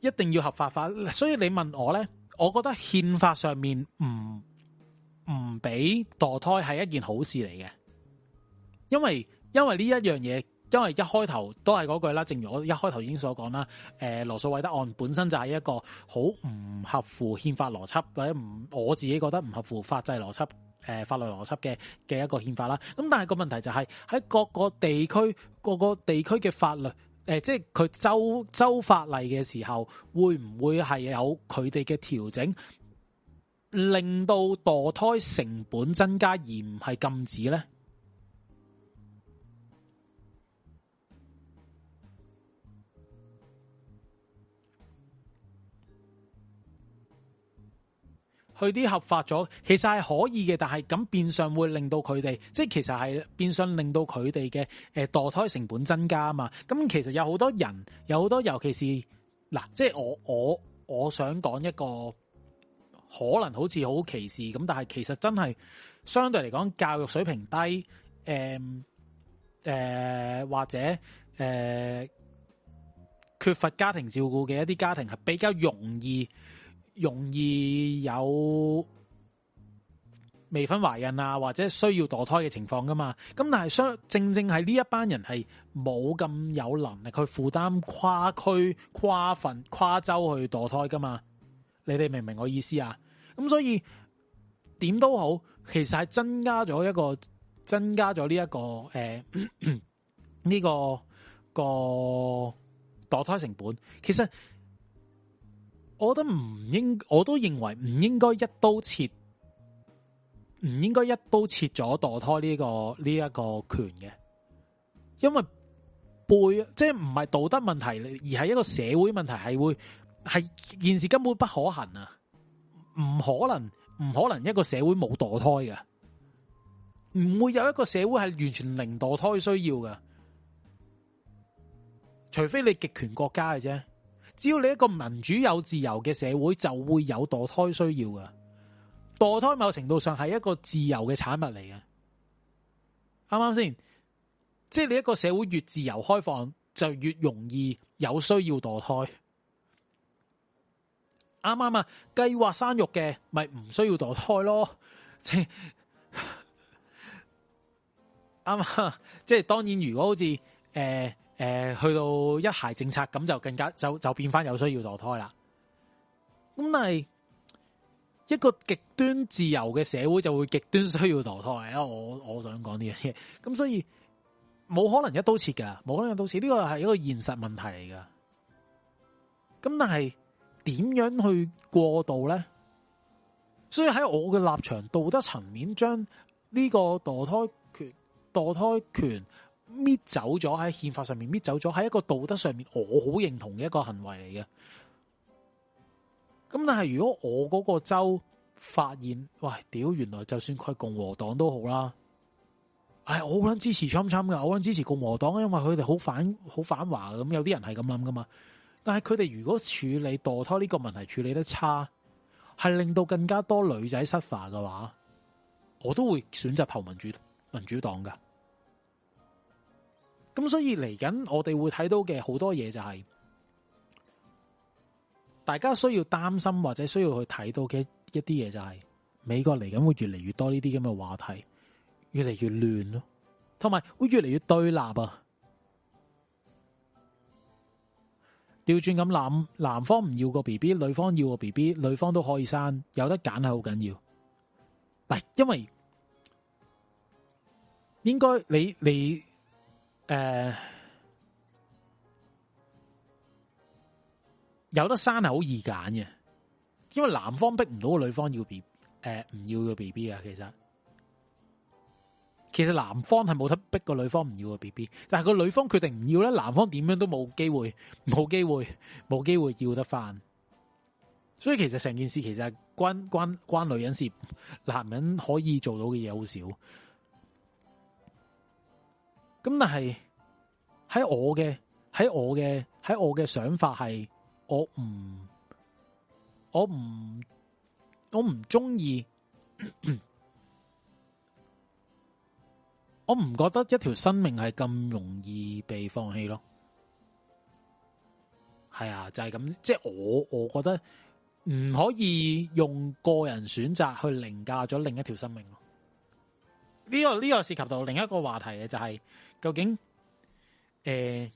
一定要合法化。所以你問我咧，我覺得憲法上面唔。唔俾墮胎係一件好事嚟嘅，因為因為呢一樣嘢，因為一開頭都係嗰句啦，正如我一開頭已經所講啦，誒、呃、羅素韋德案本身就係一個好唔合乎憲法邏輯，或者唔我自己覺得唔合乎法制邏輯、誒、呃、法律邏輯嘅嘅一個憲法啦。咁但係個問題就係、是、喺各個地區、各個地區嘅法律，誒、呃、即係佢州州法例嘅時候，會唔會係有佢哋嘅調整？令到墮胎成本增加而唔係禁止咧，佢哋合法咗，其實係可以嘅，但係咁變相會令到佢哋，即係其實係變相令到佢哋嘅，誒墮胎成本增加啊嘛。咁其實有好多人，有好多，尤其是嗱，即係我我我想講一個。可能好似好歧視咁，但係其實真係相對嚟講教育水平低，誒、呃、誒、呃、或者誒、呃、缺乏家庭照顧嘅一啲家庭係比較容易容易有未婚懷孕啊，或者需要墮胎嘅情況噶嘛。咁但係相正正係呢一班人係冇咁有能力去負擔跨區、跨份、跨州去墮胎噶嘛。你哋明唔明我意思啊？咁所以點都好，其實係增加咗一個增加咗呢一個誒呢、欸這個個墮胎成本。其實我覺得唔應，我都認為唔應該一刀切，唔應該一刀切咗墮胎呢、這個呢一、這個權嘅，因為背即係唔係道德問題，而係一個社會問題，係會。係件事根本不可行啊！唔可能，唔可能一個社會冇墮胎㗎。唔會有一個社會係完全零墮胎需要㗎。除非你極權國家嘅啫，只要你一個民主有自由嘅社會，就會有墮胎需要㗎。墮胎某程度上係一個自由嘅產物嚟嘅，啱唔啱先？即係你一個社會越自由開放，就越容易有需要墮胎。啱啱啊，計劃生育嘅咪唔需要墮胎咯。即係，啱啊，即 係當然，如果好似誒誒去到一孩政策，咁就更加就就變翻有需要墮胎啦。咁但係一個極端自由嘅社會就會極端需要墮胎啊！我我想講呢樣嘢，咁所以冇可能一刀切噶，冇可能一刀切，呢個係一個現實問題嚟噶。咁但係。點樣去過渡咧？所以喺我嘅立場道德層面，將呢個墮胎權墮胎權搣走咗喺憲法上面搣走咗，喺一個道德上面我好認同嘅一個行為嚟嘅。咁但係如果我嗰個州發現，喂，屌，原來就算佢共和黨都好啦，唉、哎，我好想支持參參噶，我好想支持共和黨，因為佢哋好反好反華嘅，咁有啲人係咁諗噶嘛。但係佢哋如果處理墮胎呢個問題處理得差，係令到更加多女仔失華嘅話，我都會選擇投民主民主黨噶。咁所以嚟緊我哋會睇到嘅好多嘢就係、是，大家需要擔心或者需要去睇到嘅一啲嘢就係、是，美國嚟緊會越嚟越多呢啲咁嘅話題，越嚟越亂咯，同埋會越嚟越對立啊！調轉咁諗，男方唔要個 B B，女方要個 B B，女方都可以生，有得揀係好緊要。但因為應該你你誒、呃、有得生係好易揀嘅，因為男方逼唔到個女方要 B，誒唔要個 B B 啊，其實。其實男方係冇得逼個女方唔要個 BB，但係個女方決定唔要咧，男方點樣都冇機會，冇機會，冇機會要得返。所以其實成件事其實係關關關女人事，男人可以做到嘅嘢，好少。咁但係喺我嘅喺我嘅喺我嘅想法係，我唔我唔我唔中意。咳咳我唔覺得一條生命係咁容易被放棄咯，係啊，就係、是、咁，即、就、係、是、我我覺得唔可以用個人選擇去凌駕咗另一條生命咯、這個。呢個呢個涉及到另一個話題嘅、就是，就係究竟誒誒、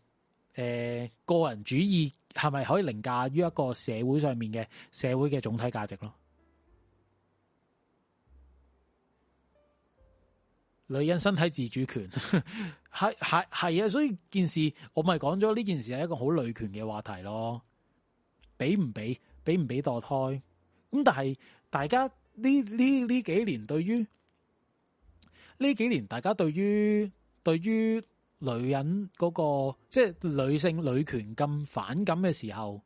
呃呃、個人主義係咪可以凌駕於一個社會上面嘅社會嘅總體價值咯？女人身體自主權係係係啊！所以件事我咪講咗呢件事係一個好女權嘅話題咯。俾唔俾俾唔俾墮胎？咁但係大家呢呢呢幾年對於呢幾年大家對於對於女人嗰個，那個即係、就是、女性女權咁反感嘅時候，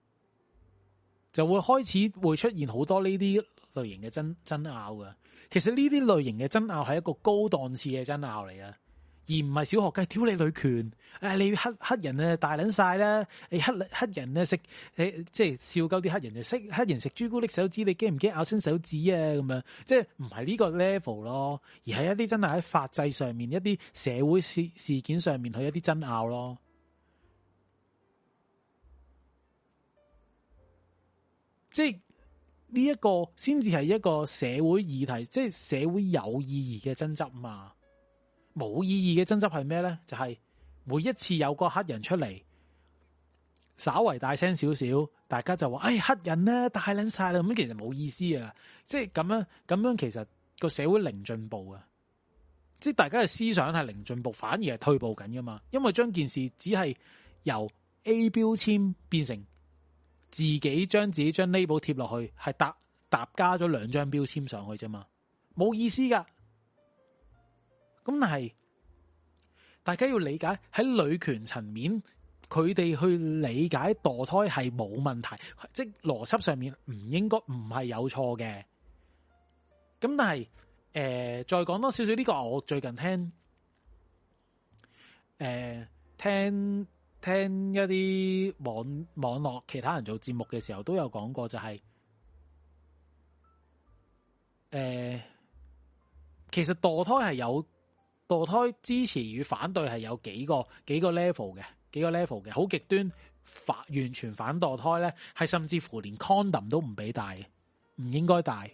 就會開始會出現好多呢啲。類型嘅爭爭拗噶，其實呢啲類型嘅爭拗係一個高檔次嘅爭拗嚟噶，而唔係小學雞挑你女權，誒你黑黑人啊大捻晒啦，你黑黑人啊食，誒即係笑鳩啲黑人就食黑，黑人食朱古力手指，你驚唔驚咬親手指啊咁樣？即係唔係呢個 level 咯，而係一啲真係喺法制上面，一啲社會事事件上面去一啲爭拗咯，即係。呢、這、一個先至係一個社會議題，即係社會有意義嘅爭執啊嘛。冇意義嘅爭執係咩咧？就係、是、每一次有個黑人出嚟，稍為大聲少少，大家就話，哎，黑人咧，大捻晒啦咁。其實冇意思啊，即係咁樣咁樣，這樣其實個社會零進步啊，即係大家嘅思想係零進步，反而係退步緊噶嘛。因為將件事只係由 A 標籤變成。自己將自己張 label 貼落去，係搭搭加咗兩張標籤上去啫嘛，冇意思噶。咁但係大家要理解喺女權層面，佢哋去理解墮胎係冇問題，即係邏輯上面唔應該唔係有錯嘅。咁但係誒、呃，再講多少少呢個，我最近聽誒、呃、聽。聽一啲網網絡其他人做節目嘅時候都有講過，就是，就係誒，其實墮胎係有墮胎支持與反對係有幾個幾個 level 嘅，幾個 level 嘅，好極端反完全反墮胎咧，係甚至乎連 condom 都唔俾戴嘅，唔應該戴。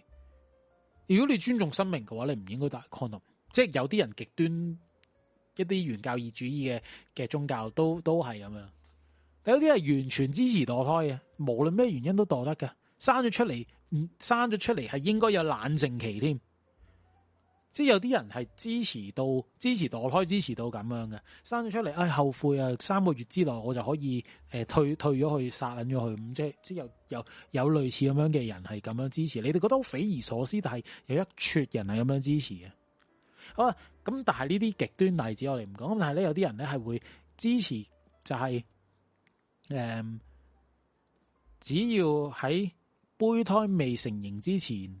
如果你尊重生命嘅話，你唔應該戴 condom。即係有啲人極端。一啲原教義主義嘅嘅宗教都都係咁樣，有啲係完全支持墮胎嘅，無論咩原因都墮得㗎。生咗出嚟，生咗出嚟係應該有冷靜期添。即係有啲人係支持到支持墮胎，支持到咁樣嘅，生咗出嚟，唉、哎，後悔啊，三個月之內我就可以誒、呃、退退咗去殺捻咗佢，咁即係即係又又有類似咁樣嘅人係咁樣支持，你哋覺得好匪夷所思，但係有一撮人係咁樣支持嘅啦咁但係呢啲極端例子我哋唔講，但係咧有啲人咧係會支持、就是，就係，誒，只要喺胚胎未成形之前，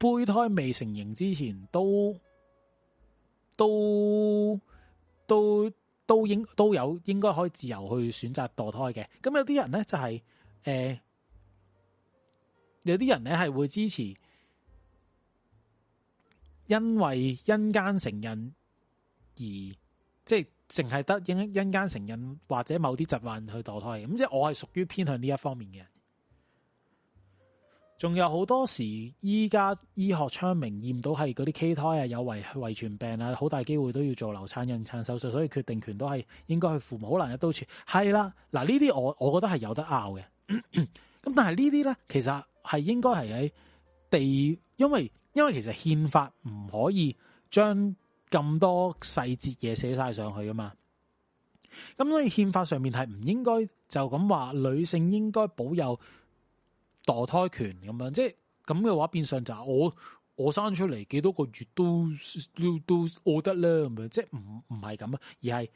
胚胎未成形之前都都都都應都有應該可以自由去選擇墮胎嘅。咁有啲人咧就係、是，誒、呃，有啲人咧係會支持。因為因姦成孕而即係淨係得因姦成孕或者某啲疾患去墮胎嘅，咁即係我係屬於偏向呢一方面嘅。仲有好多時，依家醫學昌明，驗到係嗰啲畸胎啊有遺遺傳病啊，好大機會都要做流產、引產手術，所以決定權都係應該去父母好難一刀切。係啦，嗱呢啲我我覺得係有得拗嘅。咁但係呢啲咧，其實係應該係喺地，因為。因為其實憲法唔可以將咁多細節嘢，寫晒上去噶嘛，咁所以憲法上面係唔應該就咁話女性應該保有墮胎權咁樣，即係咁嘅話變相就係我我生出嚟，幾多個月都都都我得啦咁樣，即係唔唔係咁啊，而係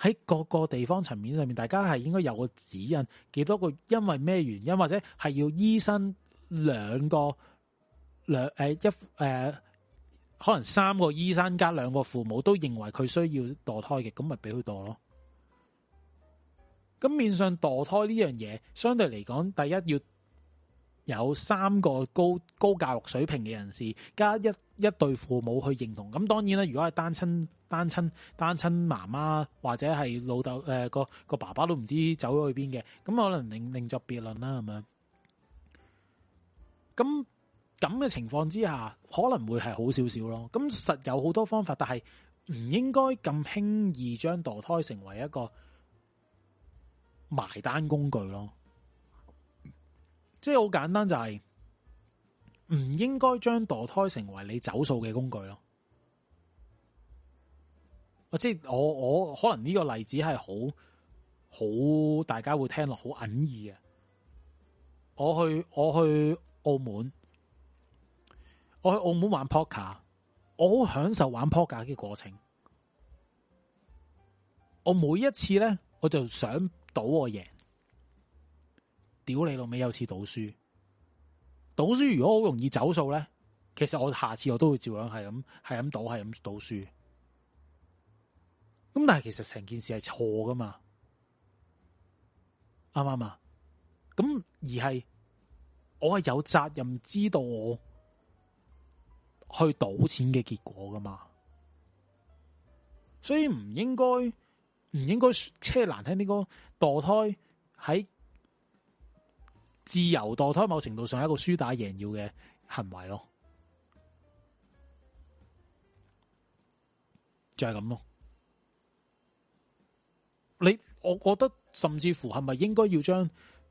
喺各個地方層面上面，大家係應該有個指引個，幾多個因為咩原因或者係要醫生兩個。兩誒、呃、一誒、呃，可能三個醫生加兩個父母都認為佢需要墮胎嘅，咁咪俾佢墮咯。咁面上墮胎呢樣嘢，相對嚟講，第一要有三個高高教育水平嘅人士加一一對父母去認同。咁當然啦，如果係單親單親單親媽媽或者係老豆誒、呃、個個爸爸都唔知走咗去邊嘅，咁可能另另作別論啦，咁樣。咁咁嘅情況之下，可能會係好少少咯。咁實有好多方法，但係唔應該咁輕易將墮胎成為一個埋單工具咯。即係好簡單，就係，就係唔應該將墮胎成為你走數嘅工具咯。我即係我我可能呢個例子係好好大家會聽落好哽耳嘅。我去我去澳門。我去澳門玩 Poker，我好享受玩 Poker 嘅過程。我每一次咧，我就想賭我贏。屌你老味。有次賭輸，賭輸如果好容易走數咧，其實我下次我都會照樣係咁，係咁賭，係咁賭輸。咁但係其實成件事係錯㗎嘛？啱唔啱啊？咁而係我係有責任知道我。去賭錢嘅結果噶嘛，所以唔應該唔應該車難聽呢個墮胎喺自由墮胎，某程度上係一個輸打贏要嘅行為咯，就係咁咯。你我覺得甚至乎係咪應該要將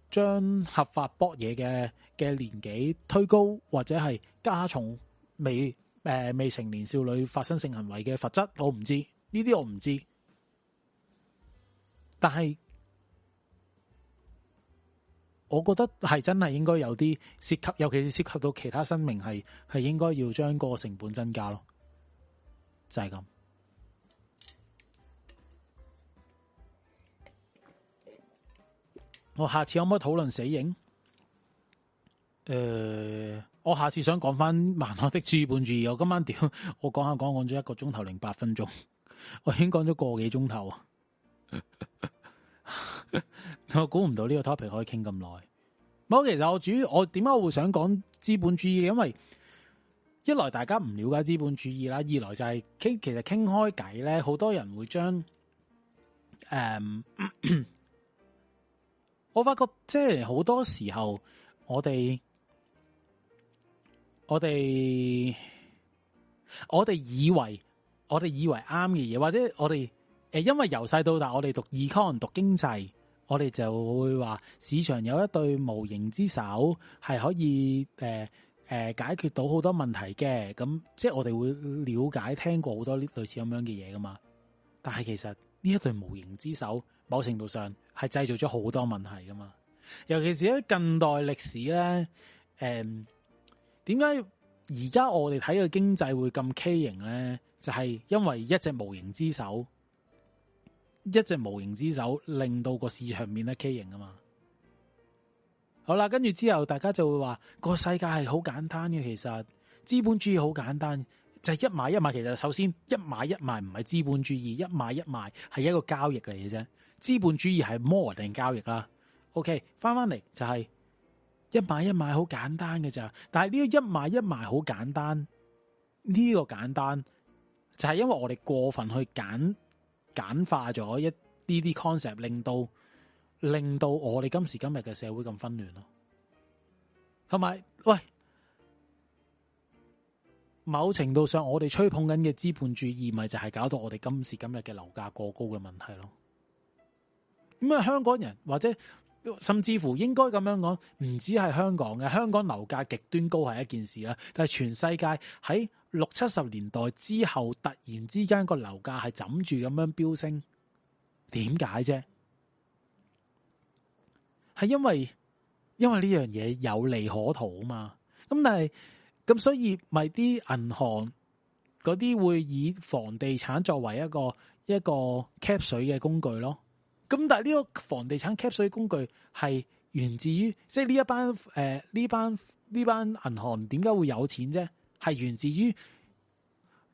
將合法博嘢嘅嘅年紀推高或者係加重？未誒、呃、未成年少女發生性行為嘅罰則，我唔知呢啲我唔知，但係我覺得係真係應該有啲涉及，尤其是涉及到其他生命係，係係應該要將個成本增加咯，就係、係、咁。我下次可唔可以討論死刑？誒、呃。我下次想講翻《萬惡的資本主義》，我今晚屌我講下講講咗一個鐘頭零八分鐘，我已經講咗個幾鐘頭啊！ 我估唔到呢個 topic 可以傾咁耐。唔其實我主要我點解我會想講資本主義？因為一來大家唔了解資本主義啦，二來就係、是、傾其實傾開偈咧，好多人會將誒、嗯，我發覺即係好多時候我哋。我哋我哋以為我哋以為啱嘅嘢，或者我哋誒、呃，因為由細到大我哋讀 econ，讀經濟，我哋就會話市場有一對無形之手係可以誒誒、呃呃、解決到好多問題嘅。咁即係我哋會了解聽過好多類似咁樣嘅嘢噶嘛。但係其實呢一對無形之手，某程度上係製造咗好多問題噶嘛。尤其是喺近代歷史咧，誒、呃。點解而家我哋睇嘅經濟會咁畸形咧？就係、是、因為一隻無形之手，一隻無形之手令到個市場變得畸形啊嘛。好啦，跟住之後大家就會話、個世界係好簡單嘅，其實資本主義好簡單，就係、是、一買一賣。其實首先一買一賣唔係資本主義，一買一賣係一個交易嚟嘅啫。資本主義係摩爾定交易啦。OK，翻翻嚟就係、是。一買一賣好簡單嘅咋，但係呢個一買一賣好簡單，呢個簡單就係因為我哋過分去簡簡化咗一啲啲 concept，令到令到我哋今時今日嘅社會咁紛亂咯。同埋，喂，某程度上我哋吹捧緊嘅資本主義，咪就係搞到我哋今時今日嘅樓價過高嘅問題咯。咁啊，香港人或者。甚至乎應該咁樣講，唔止係香港嘅，香港樓價極端高係一件事啦。但係全世界喺六七十年代之後，突然之間個樓價係枕住咁樣飆升，點解啫？係因為因為呢樣嘢有利可圖啊嘛。咁但係咁所以咪啲銀行嗰啲會以房地產作為一個一個 cap 水嘅工具咯。咁但係呢個房地產 cap 水工具係源自於，即係呢一班誒呢、呃、班呢班銀行點解會有錢啫？係源自於，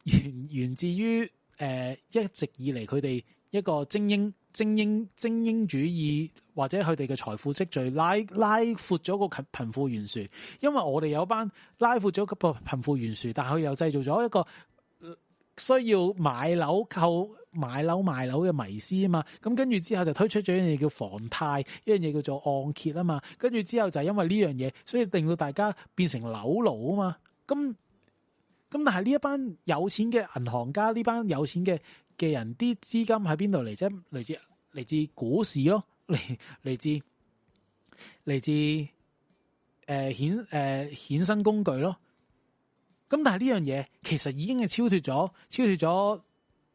源源自於誒、呃、一直以嚟佢哋一個精英精英精英主義或者佢哋嘅財富積聚拉拉闊咗個貧富懸殊，因為我哋有一班拉闊咗個貧富懸殊，但係佢又製造咗一個、呃、需要買樓購。買樓賣樓嘅迷思啊嘛，咁跟住之後就推出咗一樣嘢叫房貸，一樣嘢叫做按揭啊嘛，跟住之後就係因為呢樣嘢，所以令到大家變成樓奴啊嘛，咁咁但係呢一班有錢嘅銀行家，呢班有錢嘅嘅人的資，啲資金喺邊度嚟？啫？係嚟自嚟自股市咯，嚟嚟自嚟自誒衍誒衍生工具咯，咁但係呢樣嘢其實已經係超脫咗，超脫咗。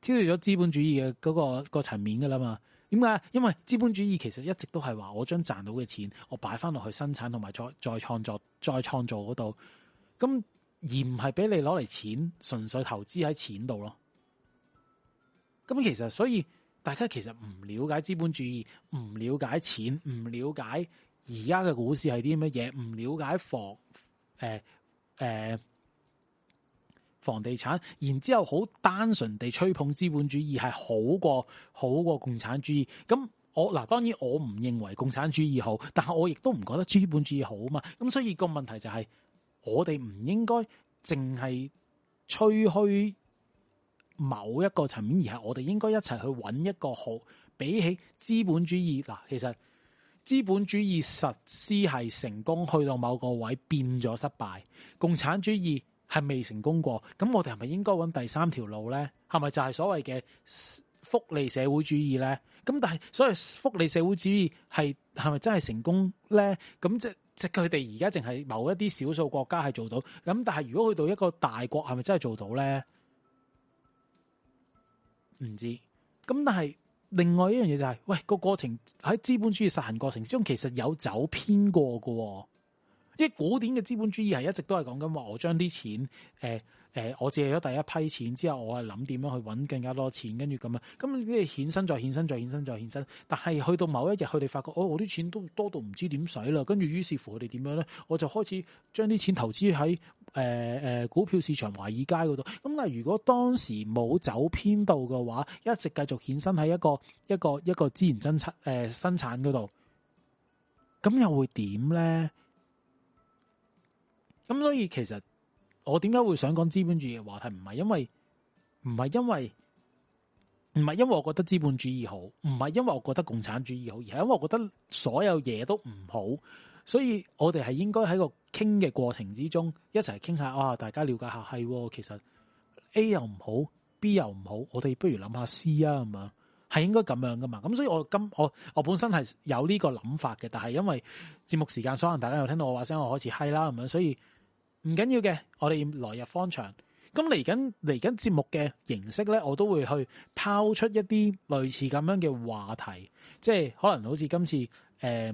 超越咗資本主義嘅嗰個個層面噶啦嘛？點解？因為資本主義其實一直都係話，我將賺到嘅錢，我擺返落去生產同埋再再創作再創造嗰度，咁而唔係俾你攞嚟錢，純粹投資喺錢度咯。咁其實所以大家其實唔了解資本主義，唔了解錢，唔了解而家嘅股市係啲乜嘢，唔了解房誒誒。呃呃房地產，然之後好單純地吹捧資本主義係好過好過共產主義。咁我嗱，當然我唔認為共產主義好，但係我亦都唔覺得資本主義好嘛。咁所以個問題就係，我哋唔應該淨係吹噓某一個層面，而係我哋應該一齊去揾一個好比起資本主義嗱。其實資本主義實施係成功去到某個位變咗失敗，共產主義。係未成功過，咁我哋係咪應該揾第三條路咧？係咪就係所謂嘅福利社會主義咧？咁但係，所謂福利社會主義係係咪真係成功咧？咁即即佢哋而家淨係某一啲少數國家係做到，咁但係如果去到一個大國，係咪真係做到咧？唔知。咁但係另外一樣嘢就係，喂，個過程喺資本主義實行過程之中，其實有走偏過噶喎。因古典嘅資本主義係一直都係講緊話，我將啲錢，誒、呃、誒、呃，我借咗第一批錢之後，我係諗點樣去揾更加多錢，跟住咁啊。咁呢啲衍生再衍生再衍生再衍生，但係去到某一日，佢哋發覺哦、哎，我啲錢都多到唔知點使啦。跟住於是乎，我哋點樣咧？我就開始將啲錢投資喺誒誒股票市場華爾街那裏、華爾街嗰度。咁但係，如果當時冇走偏道嘅話，一直繼續衍生喺一個一個一個資源、呃、生產誒生產嗰度，咁又會點咧？咁所以其實我點解會想講資本主義嘅話題，唔係因為唔係因為唔係因為我覺得資本主義好，唔係因為我覺得共產主義好，而係因為我覺得所有嘢都唔好，所以我哋係應該喺個傾嘅過程之中一齊傾下，哇、哦！大家了解下，係其實 A 又唔好，B 又唔好，我哋不如諗下 C 啊，咁樣，係應該咁樣噶嘛？咁所以我今我我本身係有呢個諗法嘅，但係因為節目時間所限，大家又聽到我話聲，我開始嗨啦，咁樣，所以。唔緊要嘅，我哋來日方長。咁嚟緊嚟緊節目嘅形式咧，我都會去拋出一啲類似咁樣嘅話題，即係可能好似今次誒誒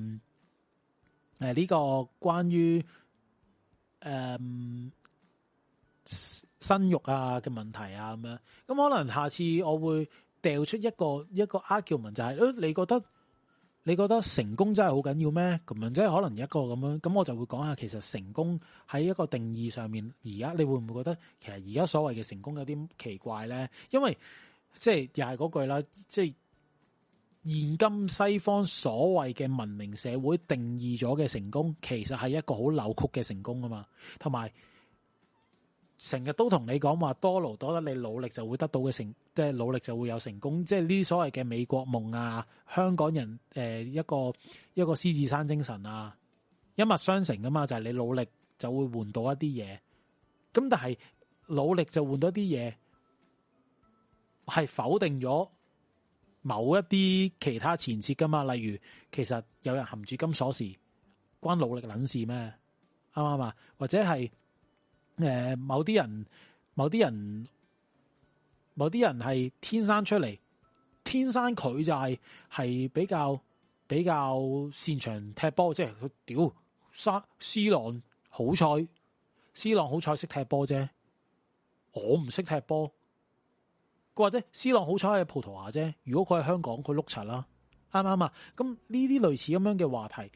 呢個關於誒生育啊嘅問題啊咁樣。咁可能下次我會掉出一個一個 argument，就係誒你覺得。你覺得成功真係好緊要咩？咁樣即係可能一個咁樣，咁我就會講下其實成功喺一個定義上面，而家你會唔會覺得其實而家所謂嘅成功有啲奇怪咧？因為即係又係嗰句啦，即係現今西方所謂嘅文明社會定義咗嘅成功，其實係一個好扭曲嘅成功啊嘛，同埋，成日都同你講話多勞多得，你努力就會得到嘅成，即係努力就會有成功，即係呢啲所謂嘅美國夢啊，香港人誒、呃、一個一個獅子山精神啊，一脈相承噶嘛，就係你努力就會換到一啲嘢。咁但係努力就換到啲嘢，係否定咗某一啲其他前設噶嘛？例如，其實有人含住金鎖匙，關努力捻事咩？啱唔啱啊？或者係？誒、呃，某啲人，某啲人，某啲人係天生出嚟，天生佢就係、係、係比較比較擅長踢波，即係佢屌沙 C 朗好彩，C 朗好彩識踢波啫。我唔識踢波，佢或者 C 朗好彩係葡萄牙啫。如果佢係香港，佢碌柒啦，啱唔啱啊？咁呢啲類似咁樣嘅話題，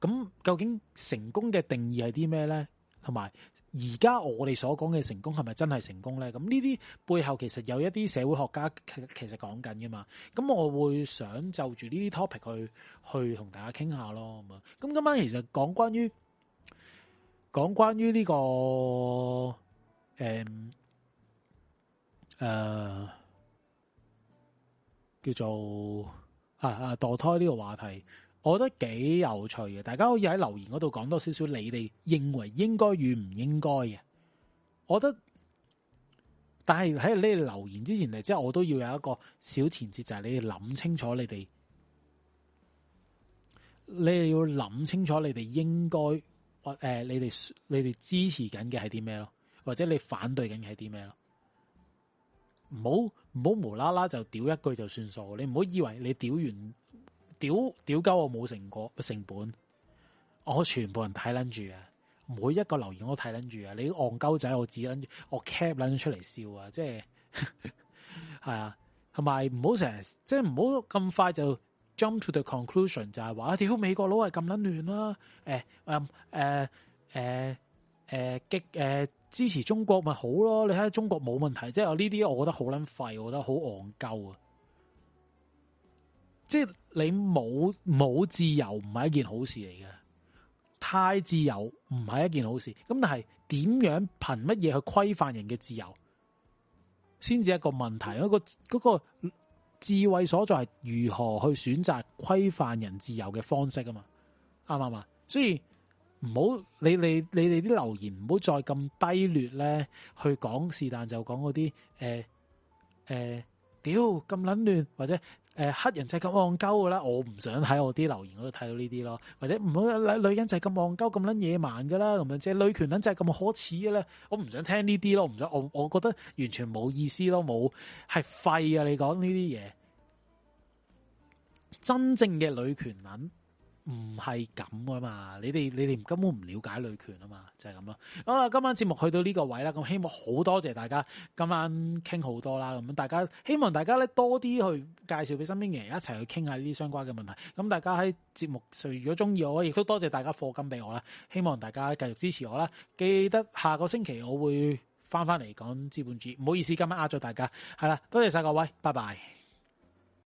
咁究竟成功嘅定義係啲咩咧？同埋。而家我哋所講嘅成功係咪真係成功咧？咁呢啲背後其實有一啲社會學家其實其實講緊噶嘛。咁我會想就住呢啲 topic 去去同大家傾下咯。咁啊，咁今晚其實講關於講關於呢、這個、嗯啊、叫做啊啊墮胎呢個話題。我覺得幾有趣嘅，大家可以喺留言嗰度講多少少你哋認為應該與唔應該嘅。我覺得，但係喺你哋留言之前嚟，即係我都要有一個小前節，就係、是、你哋諗清楚你哋，你哋要諗清楚你哋應該或誒、呃，你哋你哋支持緊嘅係啲咩咯，或者你反對緊嘅係啲咩咯，唔好唔好無啦啦就屌一句就算數，你唔好以為你屌完。屌屌鳩，我冇成果成本，我全部人睇撚住啊，每一個留言我都睇撚住啊。你戇鳩仔我只，我指撚住，我 cap 撚出嚟笑啊！即係係啊，同埋唔好成日，即係唔好咁快就 jump to the conclusion，就係話屌美國佬係咁撚亂啦、啊，誒誒誒激、哎、支持中國咪好咯？你睇下中國冇問題，即係我呢啲我覺得好撚廢，我覺得好戇鳩啊！即係你冇冇自由唔係一件好事嚟嘅，太自由唔係一件好事。咁但係點樣憑乜嘢去規範人嘅自由，先至一個問題。嗰個、嗰個智慧所在係如何去選擇規範人自由嘅方式啊？嘛啱啱嘛。所以唔好你你你哋啲留言唔好再咁低劣咧去講，是但就講嗰啲誒誒屌咁撚亂，或者。誒、呃、黑人就係咁戇鳩嘅啦，我唔想喺我啲留言嗰度睇到呢啲咯，或者唔好女女人就係咁戇鳩咁撚野蠻噶啦，咁樣即係女權撚就係咁可恥嘅咧，我唔想聽呢啲咯，唔想我我覺得完全冇意思咯，冇係廢啊！你講呢啲嘢，真正嘅女權撚。唔係咁啊嘛，你哋你哋根本唔了解女權啊嘛，就係咁啦。好啦，今晚節目去到呢個位啦，咁希望好多謝大家今晚傾好多啦，咁大家希望大家咧多啲去介紹俾身邊嘅人一齊去傾下呢啲相關嘅問題。咁大家喺節目，如果中意我，亦都多謝大家課金俾我啦。希望大家繼續支持我啦。記得下個星期我會翻翻嚟講資本主義。唔好意思，今晚呃咗大家。係啦，多謝晒各位，拜拜。